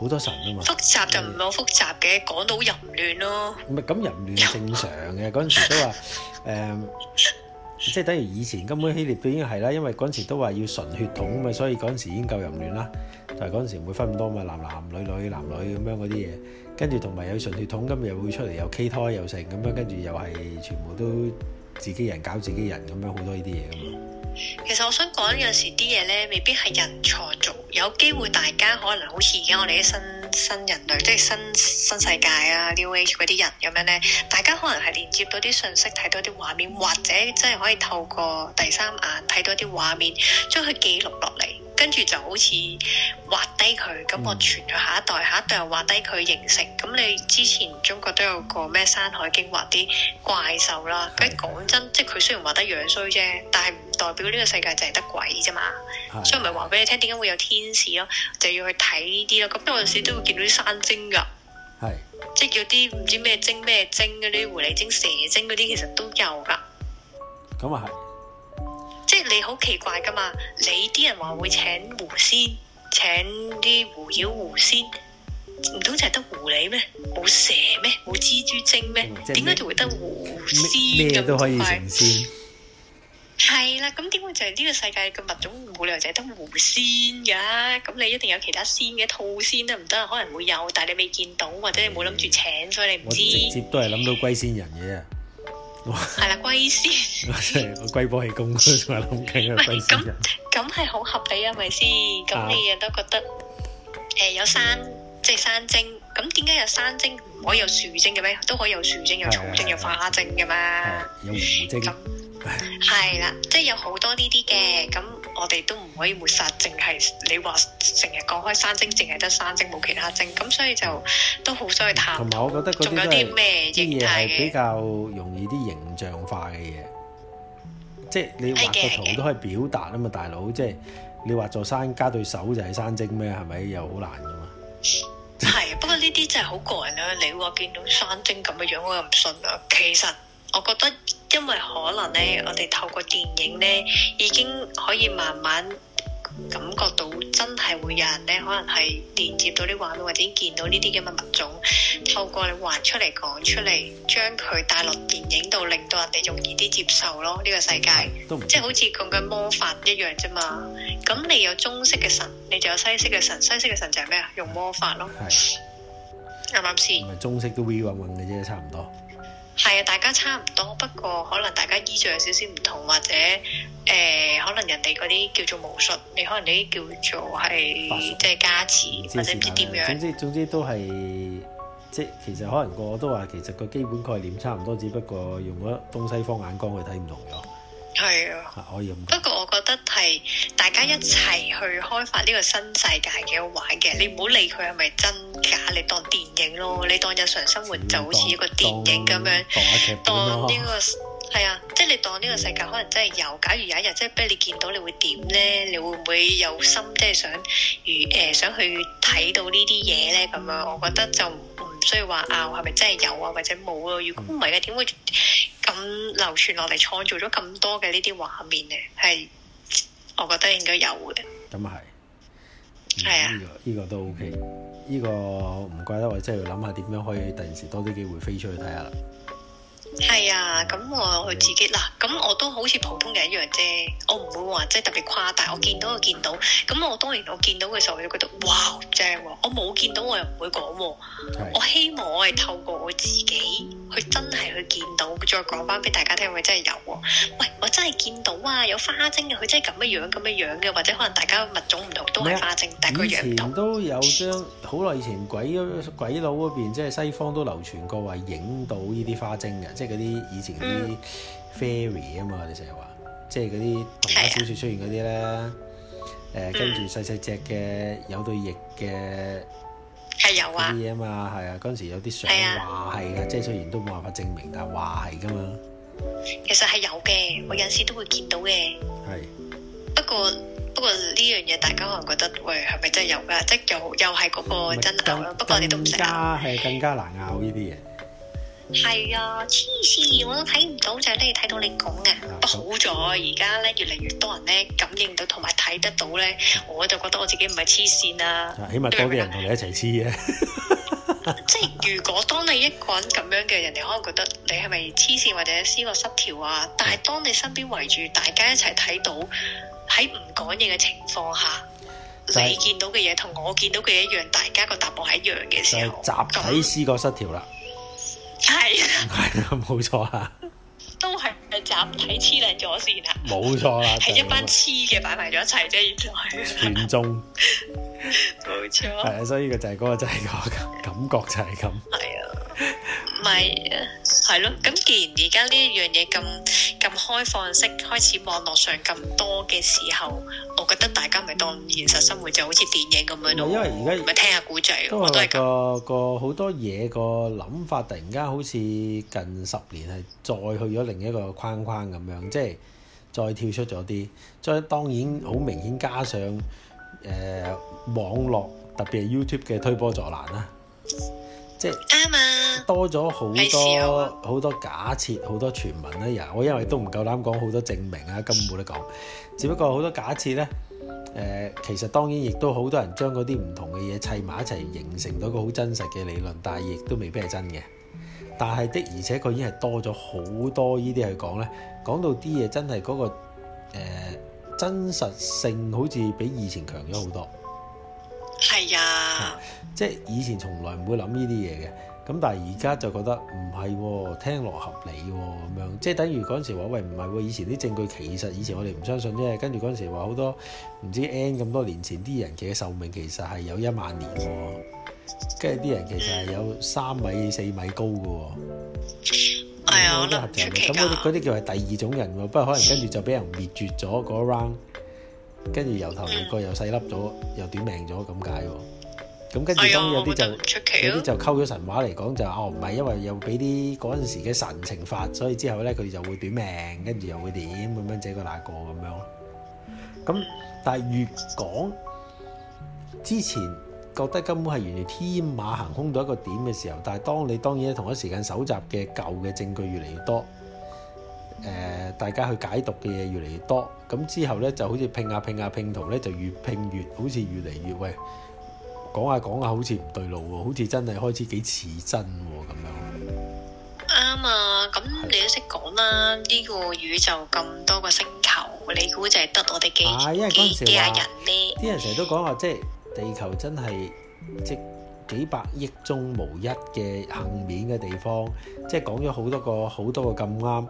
好多神啊嘛，複雜就唔係好複雜嘅，講到淫亂咯。唔係咁淫亂，正常嘅嗰陣時都話，誒，即係等於以前根本希臘都已經係啦，因為嗰陣時都話要純血統咁啊，所以嗰陣時已經夠淫亂啦。但係嗰陣時唔會分咁多嘛，男男女女、男女咁樣嗰啲嘢，跟住同埋有純血統，今日又會出嚟又 K 胎又成咁樣，跟住又係全部都自己人搞自己人咁樣，好多呢啲嘢咁啊。其實我想講有陣時啲嘢咧，未必係人創造。有機會大家可能好似而家我哋啲新新人類，即係新新世界啊，New Age 嗰啲人咁樣咧，大家可能係連接到啲信息，睇到啲畫面，或者即係可以透過第三眼睇到啲畫面，將佢記錄落嚟。跟住就好似畫低佢，咁我傳咗下一代，嗯、下一代又畫低佢形成。咁你之前中國都有個咩山海經畫啲怪獸啦。咁講是真，是即係佢雖然畫得樣衰啫，但係唔代表呢個世界就係得鬼啫嘛。是所以咪話俾你聽點解會有天使咯，就要去睇呢啲咯。咁有陣時都會見到啲山精㗎，係是即係有啲唔知咩精咩精嗰啲狐狸精、蛇精嗰啲，其實都有㗎。咁啊係。即係你好奇怪噶嘛？你啲人話會請狐仙，請啲狐妖狐仙，唔通就係得狐狸咩？冇蛇咩？冇蜘蛛精咩？點解就會得狐仙咁？咩都可以成仙。係啦，咁點解就係呢個世界嘅物種冇理由就係得狐仙噶？咁你一定有其他仙嘅兔仙啊？唔得可能會有，但係你未見到，或者你冇諗住請，所以你唔知。嗯、直接都係諗到龜仙人嘅。係啦，龜 [laughs] 師，我係龜波氣功我諗緊啊，龜師咁咁係好合理啊，咪先？咁你亦都覺得誒、呃、有山，即係山精。咁點解有山精唔可以有樹精嘅咩？都可以有樹精、有草精、 [laughs] 有花精嘅嘛？ [laughs] 有樹精咁係啦，即係有好多呢啲嘅咁。我哋都唔可以抹殺，淨係你話成日講開山精，淨係得山精，冇其他精，咁所以就都好想去探。同埋，我覺得仲有啲咩嘢係比較容易啲形象化嘅嘢，即係你畫個圖都可以表達啊嘛，大佬，即係你畫座山加對手就係山精咩？係咪又好難噶嘛？係，的 [laughs] 不過呢啲真係好個人啊！你話見到山精咁嘅樣，我又唔信啊。其實我覺得。因為可能咧，我哋透過電影咧，已經可以慢慢感覺到真係會有人咧，可能係連接到啲畫面或者見到呢啲咁嘅物種。透過你畫出嚟，講出嚟，將佢帶落電影度，令到人哋容易啲接受咯。呢個世界，即係好似講緊魔法一樣啫嘛。咁你有中式嘅神，你就有西式嘅神。西式嘅神就係咩啊？用魔法咯，啱啱先？唔係中式都會混混嘅啫，差唔多。係啊，大家差唔多，不過可能大家衣著有少少唔同，或者誒、呃，可能人哋嗰啲叫做巫術，你可能啲叫做係即係加持或者唔知點樣總。總之總之都係，即係其實可能個個都話，其實個基本概念差唔多，只不過用咗東西方眼光去睇唔同咗。係啊，不過我覺得係大家一齊去開發呢個新世界幾好玩嘅。你唔好理佢係咪真假，你當電影咯，你當日常生活就好似一個電影咁樣，當呢個係、這個，啊，即係你當呢個世界可能真係有。假如有一日即係俾你見到，你會點咧？你會唔會有心即係想如誒、呃、想去睇到呢啲嘢咧？咁樣，我覺得就。所以話啊，係咪真係有啊，或者冇啊？如果唔係嘅，點會咁流傳落嚟，創造咗咁多嘅呢啲畫面咧？係，我覺得應該有嘅。咁啊係，係啊，呢、嗯呢個呢個都 OK，呢、呢個唔怪得我真係要諗下點樣可以第時多啲機會飛出去睇下啦。係啊，咁我佢自己嗱，咁的我都好似普通人一樣啫，我唔會話即係特別誇大。我見到就見到，咁我，我當然我見到嘅時候，我就覺得哇正喎、啊！我冇見到我又唔會講喎、啊。的我希望我係透過我自己，佢真係去見到，再講翻俾大家聽，佢真係有喎、啊？喂，我真係見到啊，有花精嘅，佢真係咁樣樣，咁樣樣嘅，或者可能大家物種唔同都係花精，麼但係個樣都有張好耐以前鬼鬼佬嗰邊即係西方都流傳過話影到呢啲花精嘅。即係嗰啲以前啲 fairy 啊嘛，我哋成日話，即係嗰啲童話小説出現嗰啲咧，誒、嗯呃、跟住細細隻嘅有對翼嘅，係有啊啲嘢啊嘛，係啊，嗰陣時有啲相話係㗎，啊、即係雖然都冇辦法證明，但係話係㗎嘛。其實係有嘅，我有時都會見到嘅。係是不過不過呢樣嘢大家可能覺得，喂係咪真係有㗎？即係又又係嗰個真有，更不過你都唔知。更加係更加難拗呢啲嘢。係啊，黐線我都睇唔到，就係咧睇到你講啊。不過好在而家咧，越嚟越多人咧，感應到同埋睇得到咧，我就覺得我自己唔係黐線啦。起碼多啲人同你一齊黐嘅。吧 [laughs] 即係如果當你一個人咁樣嘅，人哋可能覺得你係咪黐線或者思覺失調啊。但係當你身邊圍住大家一齊睇到，喺唔講嘢嘅情況下，就是、你見到嘅嘢同我見到嘅一樣，大家個答案係一樣嘅時候，集體思覺失調啦。係啊，係啊，冇錯啊，都係集體黐線咗先啊，冇錯啦，係錯 [laughs] 一班黐嘅擺埋咗一齊啫，原來全中 [laughs] [laughs] 錯，冇錯，係啊，所以佢就係嗰、嗰個，就係、係嗰個就係嗰個，感覺就係咁，係啊。咪係咯，咁既然而家呢樣嘢咁咁開放式，開始網絡上咁多嘅時候，我覺得大家咪當現實生活就好似電影咁樣咯，咪聽下古仔咯，我都係咁。因為個好多嘢個諗法突然間好似近十年係再去咗另一個框框咁樣，即係再跳出咗啲，所以當然好明顯加上誒網絡，特別係 YouTube 嘅推波助瀾啦。即係多咗好多好多假設，好多傳聞啦。又我因為都唔夠膽講好多證明啊，根本冇得講。只不過好多假設呢。誒、呃，其實當然亦都好多人將嗰啲唔同嘅嘢砌埋一齊，形成到個好真實嘅理論，但係亦都未必係真嘅。但係的，而且佢已經係多咗好多呢啲去講呢，講到啲嘢真係嗰、那個、呃、真實性，好似比以前強咗好多。係啊、嗯，即係以前從來唔會諗呢啲嘢嘅，咁但係而家就覺得唔係、哦，聽落合理咁、哦、樣，即係等於嗰陣時話喂唔係、哦，以前啲證據其實以前我哋唔相信啫，跟住嗰陣時話好多唔知 N 咁多年前啲人嘅壽命其實係有一萬年、哦，跟住啲人其實係有三米四米高嘅，啊，好多合理，咁嗰啲嗰啲叫係第二種人喎、哦，嗯、不過可能跟住就俾人滅絕咗嗰 round。那個跟住由頭嚟過又細粒咗，又短命咗咁解喎。咁跟住當然有啲就、哎、奇有啲就溝咗神話嚟講就哦唔係因為又俾啲嗰陣時嘅神懲罰，所以之後呢，佢就會短命，跟住又會點咁樣個個這個那個咁樣。咁但係越講之前覺得根本係原來天馬行空到一個點嘅時候，但係當你當然同一時間搜集嘅舊嘅證據越嚟越多。誒、呃，大家去解讀嘅嘢越嚟越多，咁之後呢就好似拼下、啊、拼下、啊拼，啊、拼圖呢就越拼越好似越嚟越喂講下講下好似唔對路喎，好似、哦、真係開始幾似真喎、哦、咁樣。啱啊，咁你都識講啦。呢是個宇宙咁多個星球，你估就係得我哋幾、啊、因為陣時幾幾廿人咧？啲人成日都講話，即係地球真係即。幾百億中無一嘅幸免嘅地方，即係講咗好多個好多個咁啱，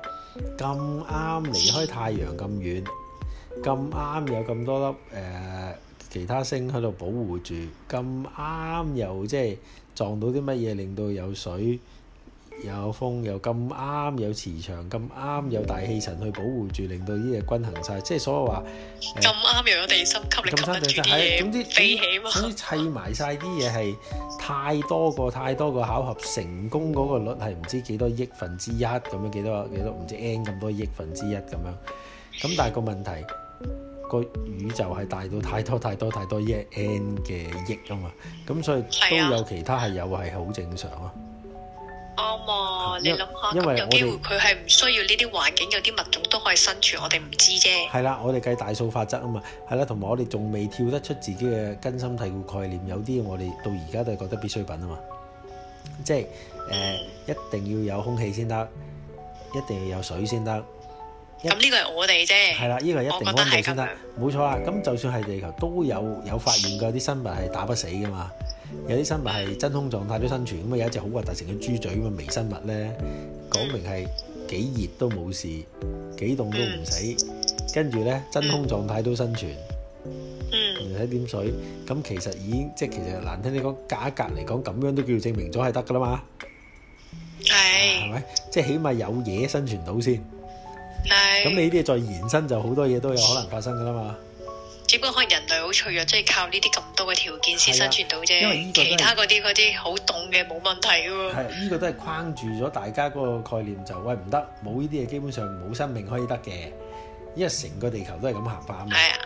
咁啱離開太陽咁遠，咁啱有咁多粒誒、呃、其他星喺度保護住，咁啱又即係撞到啲乜嘢令到有水。有風又咁啱，有，有磁場咁啱，有大氣層去保護住，令到呢嘢均衡晒。即係所謂話咁啱又有地心吸力，總之飛起嘛，總之砌埋晒啲嘢係太多個太多個巧合，成功嗰個率係唔知幾多，多，多，多，多億分之一咁樣，幾多幾多唔知 n 咁多億分之一咁樣。咁但係個問題，個宇宙係大到太多太多太多 n 億 n 嘅億啊嘛，咁所以都有其他係有係好正常啊。啱啊，哦，你諗下，咁因為 有機會佢係唔需要呢啲環境，有啲物種都可以生存，我哋唔知啫。係啦，我哋計大數法則啊嘛，係啦，同埋我哋仲未跳得出自己嘅根深蒂固概念，有啲我哋到而家都係覺得必需品啊嘛，即係誒、呃、一定要有空氣先得，一定要有水先得。咁呢個係我哋啫。係啦，呢個一定溫度先得，冇錯啦。咁就算係地球都有有發現過啲生物係打不死嘅嘛。有啲生物係真空狀態都生存，咁啊有一隻好核突成嘅豬嘴咁嘅微生物咧，講明係幾熱都冇事，幾凍都唔死。跟住咧真空狀態都生存，唔使點水，咁其實已經即係其實難聽啲講價格嚟講，咁樣都叫做證明咗係得㗎啦嘛，係是，係咪？啊？即係起碼有嘢生存到先，係是，咁你呢啲嘢再延伸就好多嘢都有可能發生㗎啦嘛。只不過可能人類好脆弱，即、就、係、是、靠呢啲咁多嘅條件先生存到啫、啊。因為其他嗰啲啲好凍嘅冇問題喎。呢、啊這個都係框住咗大家嗰個概念，就喂唔得，冇呢啲嘢基本上冇生命可以得嘅，因為成個地球都係咁行化啊嘛。係啊，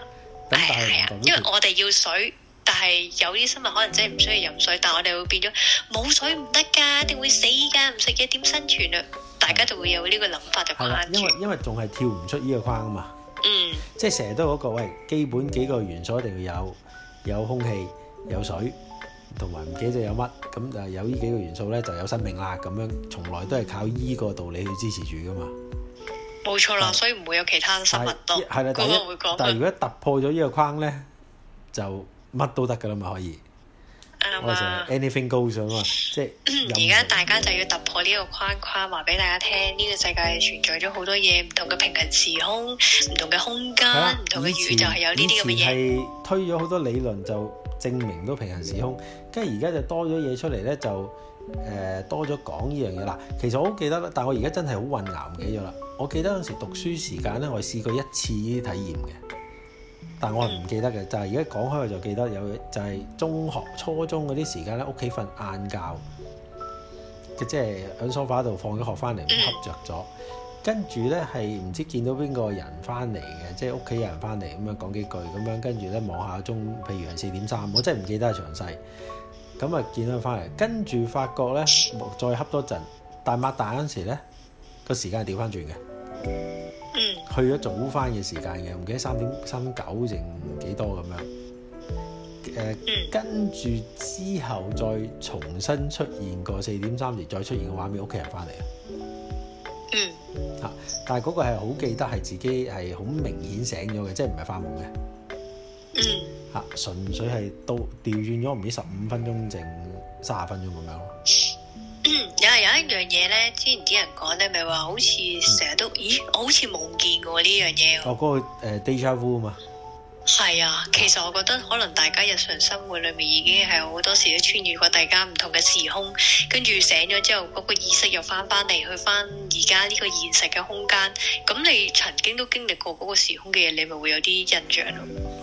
係啊，啊，因為我哋要水，但係有啲生物可能真係唔需要飲水，嗯、但係我哋會變咗冇水唔得㗎，一定會死㗎，唔食嘢點生存啊？大家就會有呢個諗法就框住。啊、因為因為仲係跳唔出呢個框啊嘛。即係成日都嗰個喂，基本幾個元素一定要有，有空氣、有水，同埋唔記得有乜咁啊，就有呢幾個元素咧就有生命啦。咁樣從來都係靠依個道理去支持住噶嘛。冇錯啦，但所以唔會有其他生物多。係啦但但，但係如果突破咗呢個框咧，就乜都得噶啦嘛，可以。啱啊！Anything goes 啊嘛！即係而家大家就要突破呢個框框，話俾大家聽，呢、這個世界存在咗好多嘢唔同嘅平行時空、唔同嘅空間、唔同嘅宇宙，係有呢啲咁嘅嘢。以前係推咗好多理論，就證明到平行時空，跟住而家就多咗嘢出嚟咧，就、呃、誒多咗講呢樣嘢。嗱，其實我好記得，但係我而家真係好混淆唔記咗啦。我記得嗰時讀書時間咧，我試過一次呢啲體驗嘅。但我係唔記得嘅，就係而家講開我就記得有，就係、是、中學、初中嗰啲時間咧，屋企瞓晏覺，即係喺梳化度放咗學翻嚟唔瞌著咗，跟住咧係唔知見到邊個人翻嚟嘅，即係屋企人翻嚟咁啊講幾句咁樣，跟住咧望下鐘，譬如係四點三，我真係唔記得係詳細。咁啊見到佢翻嚟，跟住發覺咧再瞌多陣，但係擘大嗰陣時咧個時間調翻轉嘅。去咗早翻嘅時間嘅，唔記得三點三九剩幾多咁樣，誒、呃，跟住之後再重新出現個四點三時再出現嘅畫面，屋企人翻嚟，吓、嗯啊，但係嗰個係好記得係自己係好明顯醒咗嘅，即係唔係發夢嘅，嗯，吓、啊，純粹係到調轉咗唔知十五分鐘剩三十分鐘咁樣。嗯啊 [coughs] 有有一樣嘢咧，之前啲人講咧，咪話好似成日都，咦，我好似冇見過呢樣嘢。哦，嗰個誒 Deja Vu 啊嘛。係啊，其實我覺得可能大家日常生活裏面已經係好多時都穿越過大家唔同嘅時空，跟住醒咗之後，嗰個意識又翻翻嚟，去翻而家呢個現實嘅空間。咁你曾經都經歷過嗰個時空嘅嘢，你咪會有啲印象咯。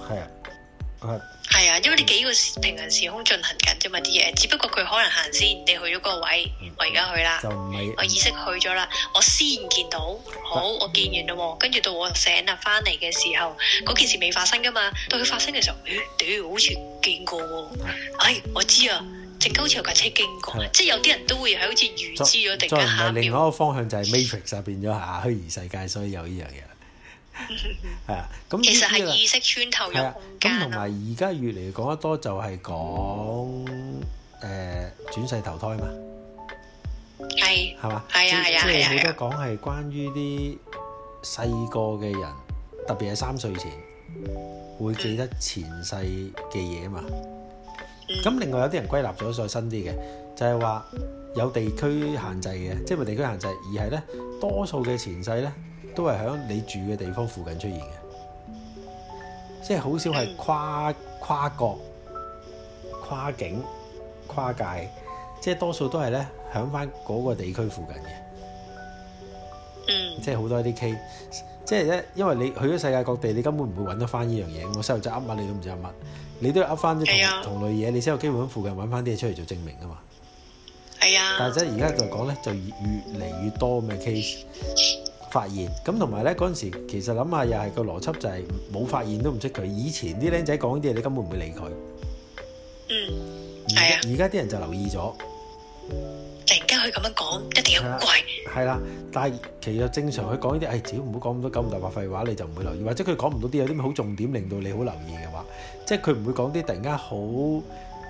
係啊，因為你幾個平行時空進行緊啫嘛，啲嘢只不過佢可能行先，你去咗個位，我而家去啦，就唔係我意識去咗啦，我先見到，好，我見完啦，跟住到我醒啦翻嚟嘅時候，嗰件事未發生噶嘛，到佢發生嘅時候，咦，屌，好似見過，的哎，我知啊，直頭好似有架車經過，的即係有啲人都會係好似預知咗定然間另外一個方向就係 Matrix 入邊咗下虛擬世界，所以有呢樣嘢。係啊，咁， [laughs] 其實係意識穿透空間啊。咁同埋而家越嚟越講得多就講，就係講誒轉世投胎嘛。係係嘛，係吧啊係啊，即係好多講係關於啲細個嘅人，特別係三歲前會記得前世嘅嘢啊嘛。咁、嗯、另外有啲人歸納咗再新啲嘅，就係、是、話有地區限制嘅，即係唔係地區限制，而係咧多數嘅前世咧。都係喺你住嘅地方附近出現嘅，即係好少係跨、嗯、跨國、跨境、跨界，即係多數都係咧響翻嗰個地區附近嘅、嗯，即係好多啲 case，即係咧，因為你去咗世界各地，你根本唔會揾得翻呢樣嘢。我細路仔噏乜，你都唔知噏乜，你都要噏翻啲同類嘢，你先有機會喺附近揾翻啲嘢出嚟做證明啊嘛。係啊，但係真係而家就講咧，就越嚟越多咁嘅 case。發現咁同埋咧，嗰陣時其實諗下，又係個邏輯就係冇發現都唔識佢。以前啲僆仔講呢啲嘢，你根本唔會理佢。嗯，係啊而。而的家啲人就留意咗。突然間佢咁樣講，一定有鬼。係啦，但係其實正常佢講呢啲，誒、哎，只要唔好講咁多九唔搭八廢話，你就唔會留意。或者佢講唔到啲有啲咩好重點，令到你好留意嘅話，即係佢唔會講啲突然間好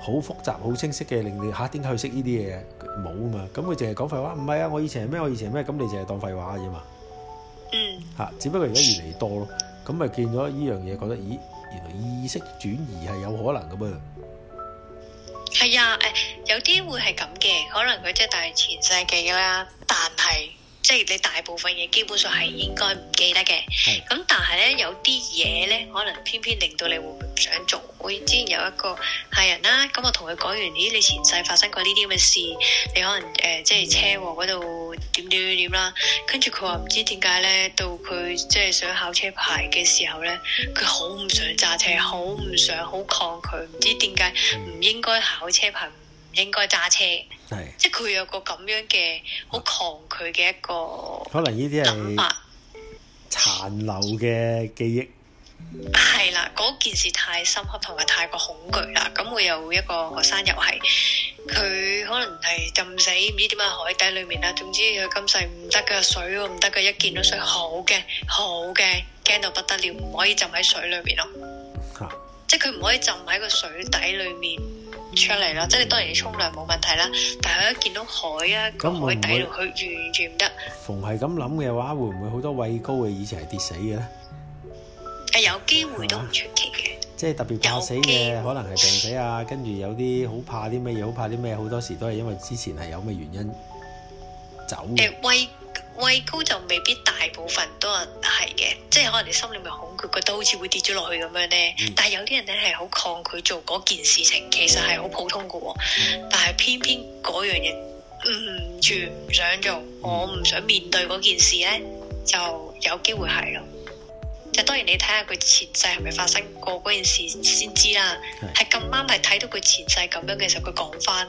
好複雜、好清晰嘅，令你吓點解佢識呢啲嘢？冇啊嘛，咁佢淨係講廢話。唔係啊，我以前係咩？我以前咩？咁你淨係當廢話啫嘛。嗯，吓，只不過而家越嚟越多咯，咁咪見咗呢樣嘢，覺得咦，原來意識轉移係有可能噶噉啊，係啊，誒，有啲會係咁嘅，可能佢即係大前世記啦，但係。即係你大部分嘢基本上係應該唔記得嘅，咁的但係咧有啲嘢咧，可能偏偏令到你會唔想做。我之前有一個客人啦，啊，咁我同佢講完，咦，你前世發生過呢啲咁嘅事，你可能誒即係車禍嗰度點點點啦，跟住佢話唔知點解咧，到佢即係想考車牌嘅時候咧，佢好唔想揸車，好唔想，好抗拒，唔知點解唔應該考車牌。唔應該揸車，是即係佢有個咁樣嘅好抗拒嘅一個諗法，可能呢啲係殘留嘅記憶。係啦，嗰 [noise] 件事太深刻，同埋太過恐懼啦。咁會有一個學生，又係佢可能係浸死，唔知點解，海底裡面啦。總之佢今世唔得噶水喎，唔得噶，一見到水好驚，好驚，驚到不得了，唔可以浸喺水裏面咯。嚇、啊！即係佢唔可以浸喺個水底裏面。出嚟啦！即係當然你沖涼冇問題啦，但係佢一見到海啊，個海底度佢完全唔得。逢係咁諗嘅話，會唔會好多畏高嘅以前係跌死嘅咧？係有機會都唔出奇嘅。即係特別怕死嘅，可能係病死啊，跟住有啲好怕啲咩嘢，好怕啲咩，好多時都係因為之前係有咩原因走嘅。畏高就未必大部分都係嘅，即係可能你心裏面恐懼，覺得好似會跌咗落去咁樣咧。但係有啲人咧係好抗拒做嗰件事情，其實係好普通噶，但係偏偏嗰樣嘢唔住唔想做，我唔想面對嗰件事咧，就有機會係咯。就當然你睇下佢前世係咪發生過嗰件事先知啦。係咁啱係睇到佢前世咁樣嘅時候，佢講翻，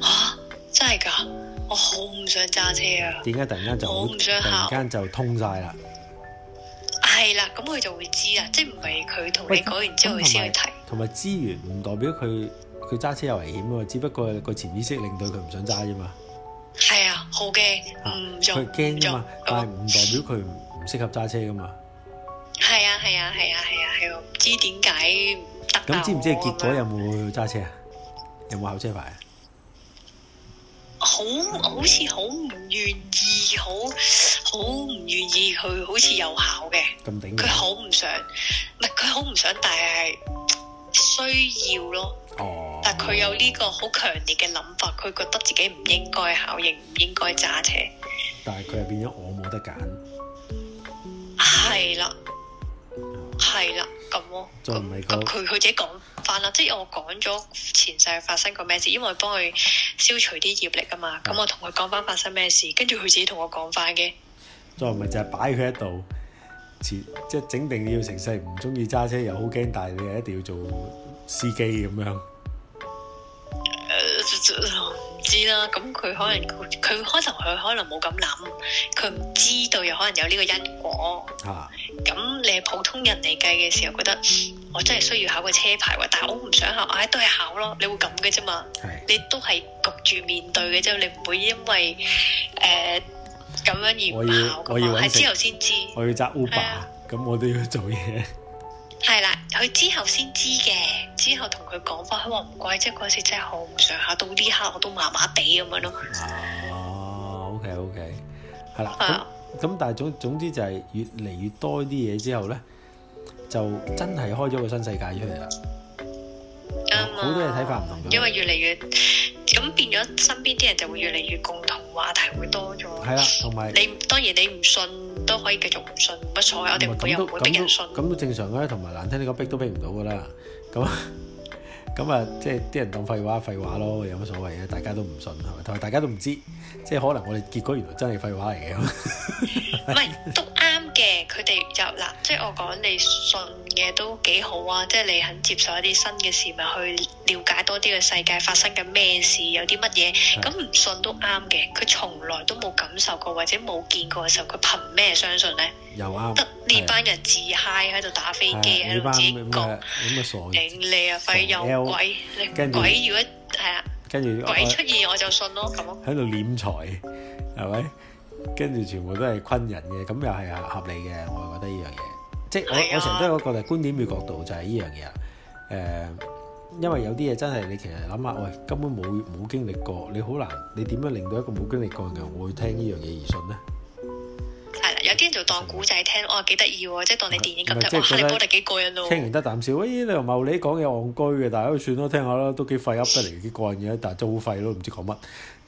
吓、啊、真係噶我好唔想揸車啊！點解突然間就突然間就通晒啦？係啦，咁佢就會知啦，即係唔係佢同你講完之後先去提。同埋資源唔代表佢佢揸車有危險喎，只不過個潛意識令到佢唔想揸啫嘛。係啊，好驚，唔佢驚啫嘛，但係唔代表佢唔適合揸車噶嘛。係啊，係啊，係啊，係啊，係我唔知點解得咁知唔知結果有冇揸車啊？有冇考車牌啊？好，好似好唔願意，好好唔願意去，好似有考嘅。咁佢好唔想，唔係佢好唔想，但係需要咯。哦。但佢有呢個好強烈嘅諗法，佢覺得自己唔應該考應，應唔應該揸車。但係佢又變咗，我冇得揀。係啦。係啦，咁咯，咁佢佢自己講翻啦，即係我講咗前世發生過咩事，因為幫佢消除啲業力啊嘛。咁我同佢講翻發生咩事，跟住佢自己同我講翻嘅。再唔係就係擺佢喺度，前、即係、即係、整定要成世唔中意揸車，又好驚，但係你又一定要做司機咁樣。唔知啦，咁佢可能佢佢開頭佢可能冇咁諗，佢唔知道有可能有呢個因果。吓，咁你係普通人嚟計嘅時候，覺得我真係需要考個車牌，但係我唔想考，唉、哎，都係考咯，你會咁嘅啫嘛，你都係焗住面對嘅啫，你唔會因為誒咁、呃、樣而唔考嘅嘛，係之後先知。我要揸 Uber，咁我都要做嘢。 [laughs] .係啦，佢之後先知嘅，之後同佢講翻，佢話唔怪，即嗰時真係好唔上下，到呢刻我都麻麻地咁樣咯。哦，啊，OK OK，係啦，咁咁但係總總之就係越嚟越多啲嘢之後呢，就真係開咗個新世界出嚟啦。啱啊，嗯哦！好多人睇法唔同，因為越嚟越咁變咗，身邊啲人就會越嚟越共同。話題會多咗，係啦、啊，同埋你當然你唔信都可以繼續唔信，乜所謂，嗯、我哋會又會逼人信，咁都，都正常嘅，同埋難聽你講逼都逼唔到噶啦，咁咁啊，即係啲人當廢話廢話咯，有乜所謂嘅？大家都唔信係咪？同埋大家都唔知，即係可能我哋結果原來真係廢話嚟嘅。喂是， [laughs] 都啱。嘅，佢哋就嗱，即係我講你信嘅都幾好啊，即係你肯接受一啲新嘅事物，去了解多啲嘅世界發生緊咩事，有啲乜嘢，咁唔信都啱嘅。佢從來都冇感受過或者冇見過嘅時候，佢憑咩相信咧？有啊，得呢班人自嗨喺度打飛機，喺度自己講。咁咪傻嘅。靚靚費又鬼，鬼如果係啊，跟住鬼出現我就信咯。咁咯。喺度斂財，係咪？跟住全部都係昆人嘅，咁又係合理嘅。我覺得呢樣嘢，即係我我成日都嗰個就觀點與角度就係呢樣嘢啦。誒，因為有啲嘢真係你其實諗下，喂、哎、根本冇冇經歷過，你好難你點樣令到一個冇經歷過嘅人會聽呢樣嘢而信呢？ [music] 有啲人就當古仔聽，我話幾得意喎，即係當你電影咁睇。哈利波特幾過癮咯喎！聽完得啖笑，咦？你同茂，你講嘢戇居嘅，但係都算咯，聽下啦，都幾廢噏得嚟，幾過癮嘅，但係都廢咯，唔知講乜，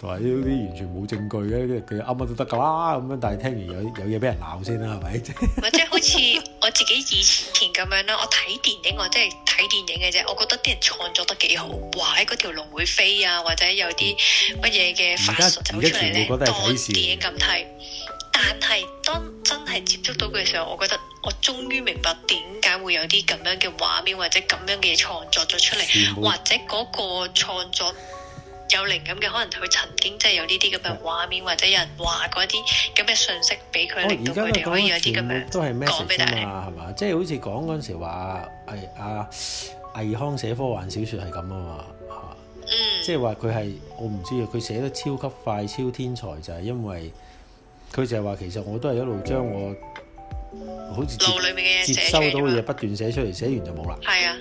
同埋啲完全冇證據嘅，佢啱啱都得噶啦咁樣。但係聽完有有嘢俾人鬧先啦，係咪？或者 [laughs] 好似我自己以前咁樣啦，我睇電影，我真係睇電影嘅啫。我覺得啲人創作得幾好，哇！嗰條龍會飛啊，或者有啲乜嘢嘅法術走出嚟咧，當電影咁睇。但係當真係接觸到佢嘅時候，我覺得我終於明白點解會有啲咁樣嘅畫面或者咁樣嘅嘢創作咗出嚟，或者嗰務個創作有靈感嘅可能，佢曾經真係有呢啲咁嘅畫面，或者有人話過一啲咁嘅信息俾佢，令到佢哋可以有啲咁樣。都係 message 啊嘛，係嘛？即係好似講嗰陣時話，係阿倪匡寫科幻小說係咁啊嘛，嗯、即係話佢係我唔知佢寫得超級快，超天才就係、是、因為。佢就係話，其實我都係一路將我好似腦裏面接收到嘅嘢不斷寫出嚟，寫完就冇啦。係啊，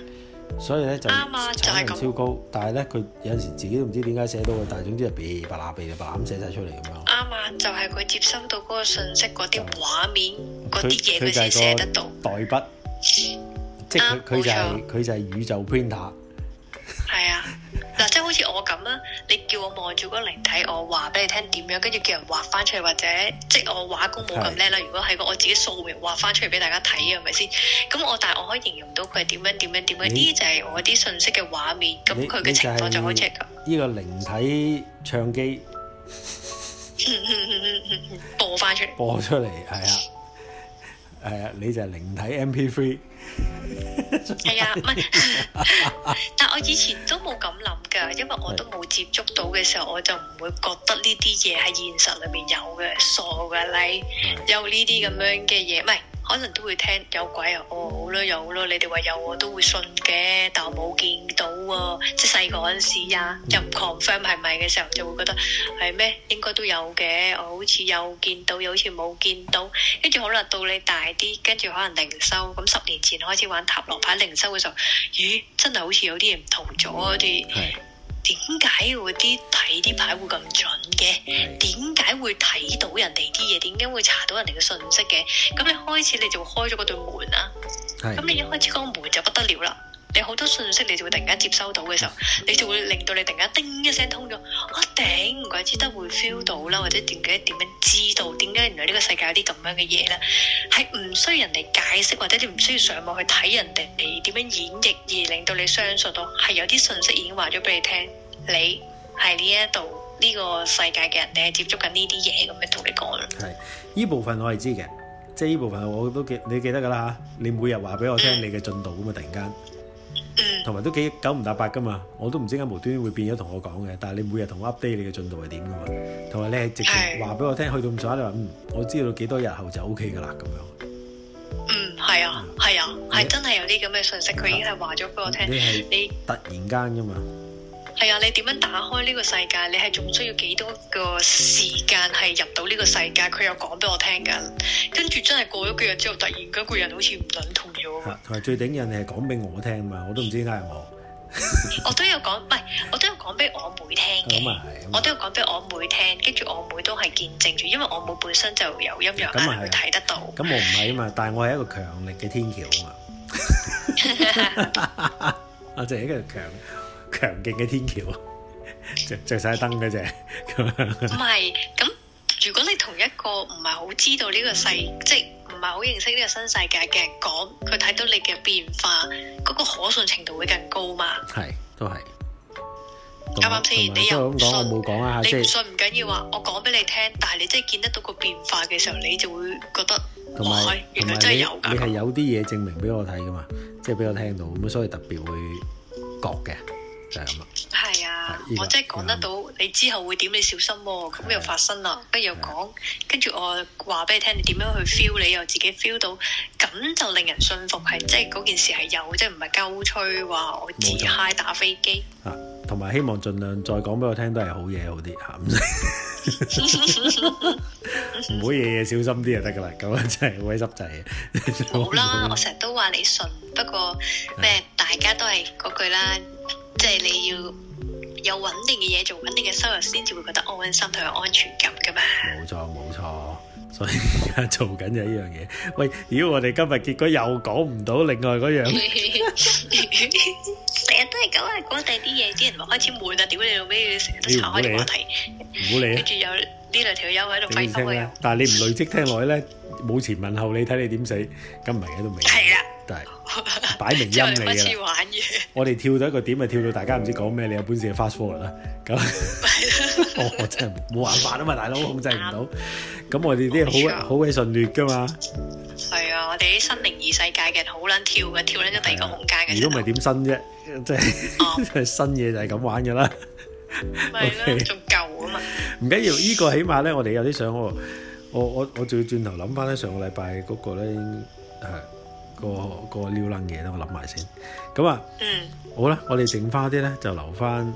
所以咧就啱啱，就係咁。超高，但係咧佢有陣時自己都唔知點解寫到嘅，但係總之就白啦鼻啦，咁寫曬出嚟咁樣。啱啊，就係佢接收到嗰個信息，嗰啲畫面，嗰啲嘢佢先寫得到。代筆，即係佢佢就係佢就係宇宙 printer。係啊。嗱，即係好似我咁啦，你叫我望住嗰個靈體，我話俾你聽點樣，跟住叫人畫翻出嚟，或者即係我畫功冇咁叻啦。是如果係我自己素描畫翻出嚟俾大家睇啊，係咪先？咁我但係我可以形容到佢係點樣點樣點樣，呢你就係我啲信息嘅畫面。咁佢嘅情況就好似係咁。呢個靈體唱機播翻出嚟，播出嚟，係啊，係啊，你就係靈體 MP3。係啊，唔係，但我以前都冇咁諗噶，因為我都冇接觸到嘅時候，我就唔會覺得呢啲嘢係現實裏面有嘅，傻噶，你有呢啲咁樣嘅嘢，唔係。可能都會聽有鬼啊，哦，好咯有咯，你哋話有我都會信嘅，但我冇見到、哦、啊！即係細個嗰陣時呀，又唔 confirm 係咪嘅時候，就會覺得係咩？應該都有嘅，我好似有見到，又好似冇見到，跟住可能到你大啲，跟住可能靈修，咁十年前開始玩塔羅牌靈修嘅時候，咦，真係好似有啲嘢唔同咗啲。係。點解會啲睇啲牌會咁準嘅？點解是的 會睇到人哋啲嘢？點解會查到人哋嘅信息嘅？咁你開始你就開咗嗰對門啦、啊。咁是的 你一開始個門就不得了啦。你好多信息，你就會突然間接收到嘅時候，你就會令到你突然間叮一聲通咗，我頂！唔怪之得會 feel 到啦，或者點解點樣知道點解原來呢個世界有啲咁樣嘅嘢咧？係唔需要人哋解釋，或者你唔需要上網去睇人哋你點樣演繹，而令到你相信到係有啲信息已經話咗俾你聽，你係呢一度呢個世界嘅人你係。接觸緊呢啲嘢咁樣同你講。係呢部分我係知嘅，即係呢部分我都記你記得㗎啦，你每日話俾我聽你嘅進度咁啊，突然間、嗯、～嗯，同埋都幾九唔搭八噶嘛，我都唔知點解無端端會變咗同我講嘅，但係你每日同我 update 你嘅進度係點噶嘛，同埋你係直接話俾我聽是去到咁快，你話嗯我知道到幾多日後就 OK 噶啦咁樣。嗯，係啊，係啊，係你真係有啲咁嘅信息，佢、嗯、已經係話咗俾我聽。你你突然間噶嘛？你係啊，你點樣打開呢個世界？你係仲需要幾多個時間係入到呢個世界？佢又講俾我聽緊，跟住真係過咗幾日之後，突然嗰個人好似唔認同咗。同埋最頂人，你係講俾我聽嘛，我都唔知點解我。我都有講，唔係我都有講俾我妹聽嘅。我咪係，我都有講俾我妹聽，跟住我妹都係見證住，因為我妹本身就有陰陽眼，佢睇得到。咁我唔係啊嘛，但係我係一個強力嘅天橋啊嘛。我就係一個強。強勁嘅天橋，著著晒燈嗰隻咁樣。唔係咁，如果你同一個唔係好知道呢個世，即係唔係好認識呢個新世界嘅人講，佢睇到你嘅變化，嗰個可信程度會更高嘛？係都係啱啱先？你又信？你唔信唔緊要啊，我講俾你聽，但係你真係見得到個變化嘅時候，你就會覺得哇，原來真係有噶。你係有啲嘢證明俾我睇噶嘛？即係俾我聽到咁，所以特別會覺嘅。就係咁係啊，我真係講得到，你之後會點？你小心喎，咁又發生啦，跟住又講，跟住我話俾你聽，你點樣去 feel？你又自己 feel 到，咁就令人信服，係即係嗰件事係有，即係唔係鳩吹話我自嗨打飛機啊。同埋希望盡量再講俾我聽，都係好嘢好啲吓，唔好嘢嘢小心啲就得噶啦。咁樣真係好鬼濕滯啊！好啦，我成日都話你信，不過咩？大家都係嗰句啦。即係你要有穩定嘅嘢做，穩定嘅收入先至會覺得安心同有安全感噶嘛。冇錯冇錯，所以而家做緊就係呢樣嘢。喂，如果我哋今日結果又講唔到另外嗰 [laughs] [laughs] 樣，成日都係咁啊，講第啲嘢啲人話開始悶啊，屌你老味，成日都岔開啲話題。唔好理啊。跟住有呢兩條友喺度費心啊。但係你唔累積聽落去咧。 [laughs] 冇前問後，你睇你點死，咁唔係嘅，都唔係嘅，係啦，但係擺明陰你啦。我哋跳到一個點，咪跳到大家唔知講咩，你有本事就 fast forward 啦。咁，我我真係冇辦法啊嘛，大佬控制唔到。咁我哋啲好好鬼順劣噶嘛。係啊，我哋啲新靈異世界嘅人好撚跳嘅，跳撚咗第二個空間嘅。如果唔係點新啫？即係新嘢就係咁玩嘅啦。係啦，仲舊啊嘛。唔緊要，依個起碼咧，我哋有啲想喎。我我我仲要轉頭諗翻咧上個禮拜嗰個咧誒個個撩撚嘢咧，我諗埋、那個那個那個、先。咁啊，嗯，好啦，我哋剩翻啲咧就留翻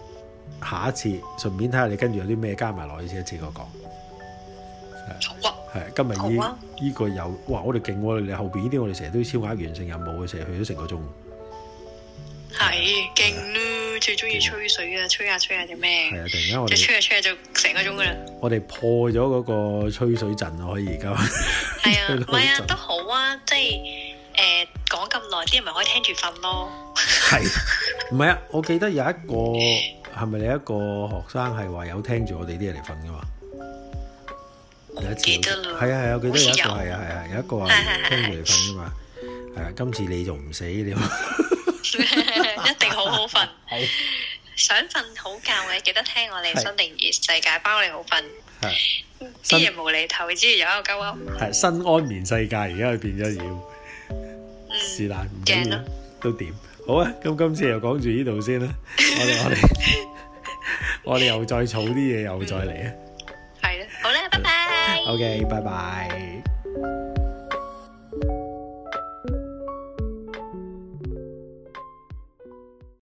下一次，順便睇下你跟住有啲咩加埋落去先一次講。係，今日呢依個有哇，我哋勁喎！你後邊呢啲我哋成日都超額完成任務嘅，成日去咗成個鐘。係勁咯，最中意吹水啊！吹下吹下做咩？係啊，突然間我哋吹下吹下就成個鐘噶啦。我哋破咗嗰個吹水陣啊，可以而家。係啊，唔係啊都好啊，即係誒講咁耐，啲人咪可以聽住瞓咯。係唔係啊？我記得有一個係咪你一個學生係話有聽住我哋啲嘢嚟瞓噶嘛？有一次。記得咯。係啊係啊，我記得有一個係啊係啊，有一個話聽住嚟瞓噶嘛。係啊，今次你仲唔死你？ [laughs] 一定好的好瞓，想瞓好覺嘅記得聽我哋的新靈異世界包你好瞓，之而無厘頭之餘有一個鳩屋，係新安眠世界而家佢變咗妖，是但、嗯，驚咯了都點好啊！咁今次又講住呢度先啦， [laughs] 我哋 [laughs] 我哋我哋又再儲啲嘢又再嚟啊，係啦，好啦，拜拜，OK，拜拜。